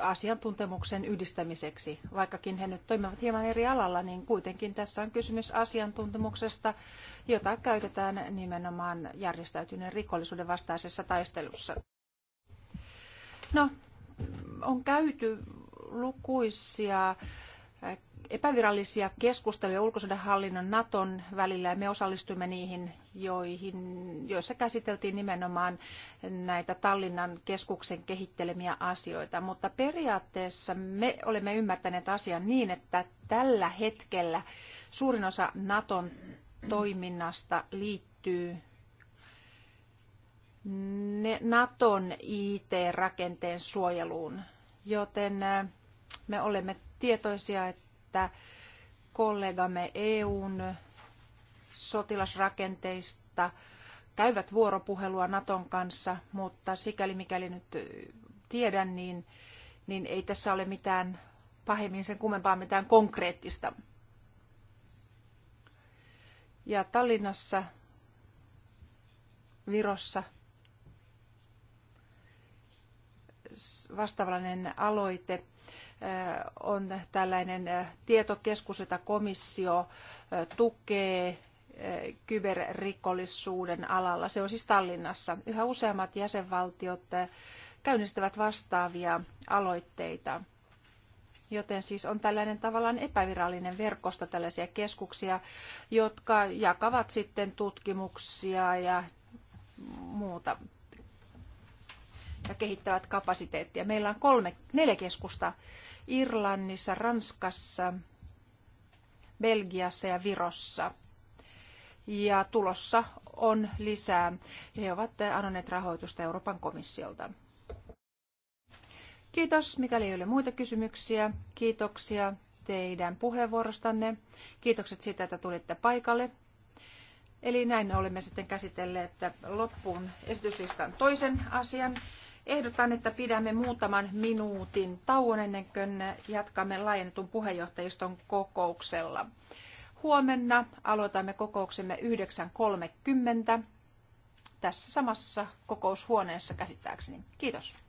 asiantuntemuksen yhdistämiseksi. Vaikkakin he nyt toimivat hieman eri alalla, niin kuitenkin tässä on kysymys asiantuntemuksesta, jota käytetään nimenomaan järjestäytyneen rikollisuuden vastaisessa taistelussa. No, on käyty lukuisia epävirallisia keskusteluja ulkosuhdehallinnon Naton välillä ja me osallistuimme niihin, joihin, joissa käsiteltiin nimenomaan näitä Tallinnan keskuksen kehittelemiä asioita. Mutta periaatteessa me olemme ymmärtäneet asian niin, että tällä hetkellä suurin osa Naton toiminnasta liittyy Naton IT-rakenteen suojeluun, joten äh, me olemme tietoisia, että että kollegamme EUn sotilasrakenteista käyvät vuoropuhelua Naton kanssa, mutta sikäli mikäli nyt tiedän, niin, niin ei tässä ole mitään pahemmin sen kummempaa mitään konkreettista. Ja Tallinnassa, Virossa vastaavallinen aloite on tällainen tietokeskus, jota komissio tukee kyberrikollisuuden alalla. Se on siis Tallinnassa. Yhä useammat jäsenvaltiot käynnistävät vastaavia aloitteita. Joten siis on tällainen tavallaan epävirallinen verkosto tällaisia keskuksia, jotka jakavat sitten tutkimuksia ja muuta ja kehittävät kapasiteettia. Meillä on kolme, neljä keskusta Irlannissa, Ranskassa, Belgiassa ja Virossa. Ja tulossa on lisää. He ovat anoneet rahoitusta Euroopan komissiolta. Kiitos, mikäli ei ole muita kysymyksiä. Kiitoksia teidän puheenvuorostanne. Kiitokset siitä, että tulitte paikalle. Eli näin olemme sitten käsitelleet loppuun esityslistan toisen asian. Ehdotan, että pidämme muutaman minuutin tauon ennen kuin jatkamme laajennetun puheenjohtajiston kokouksella. Huomenna aloitamme kokouksemme 9.30 tässä samassa kokoushuoneessa käsittääkseni. Kiitos.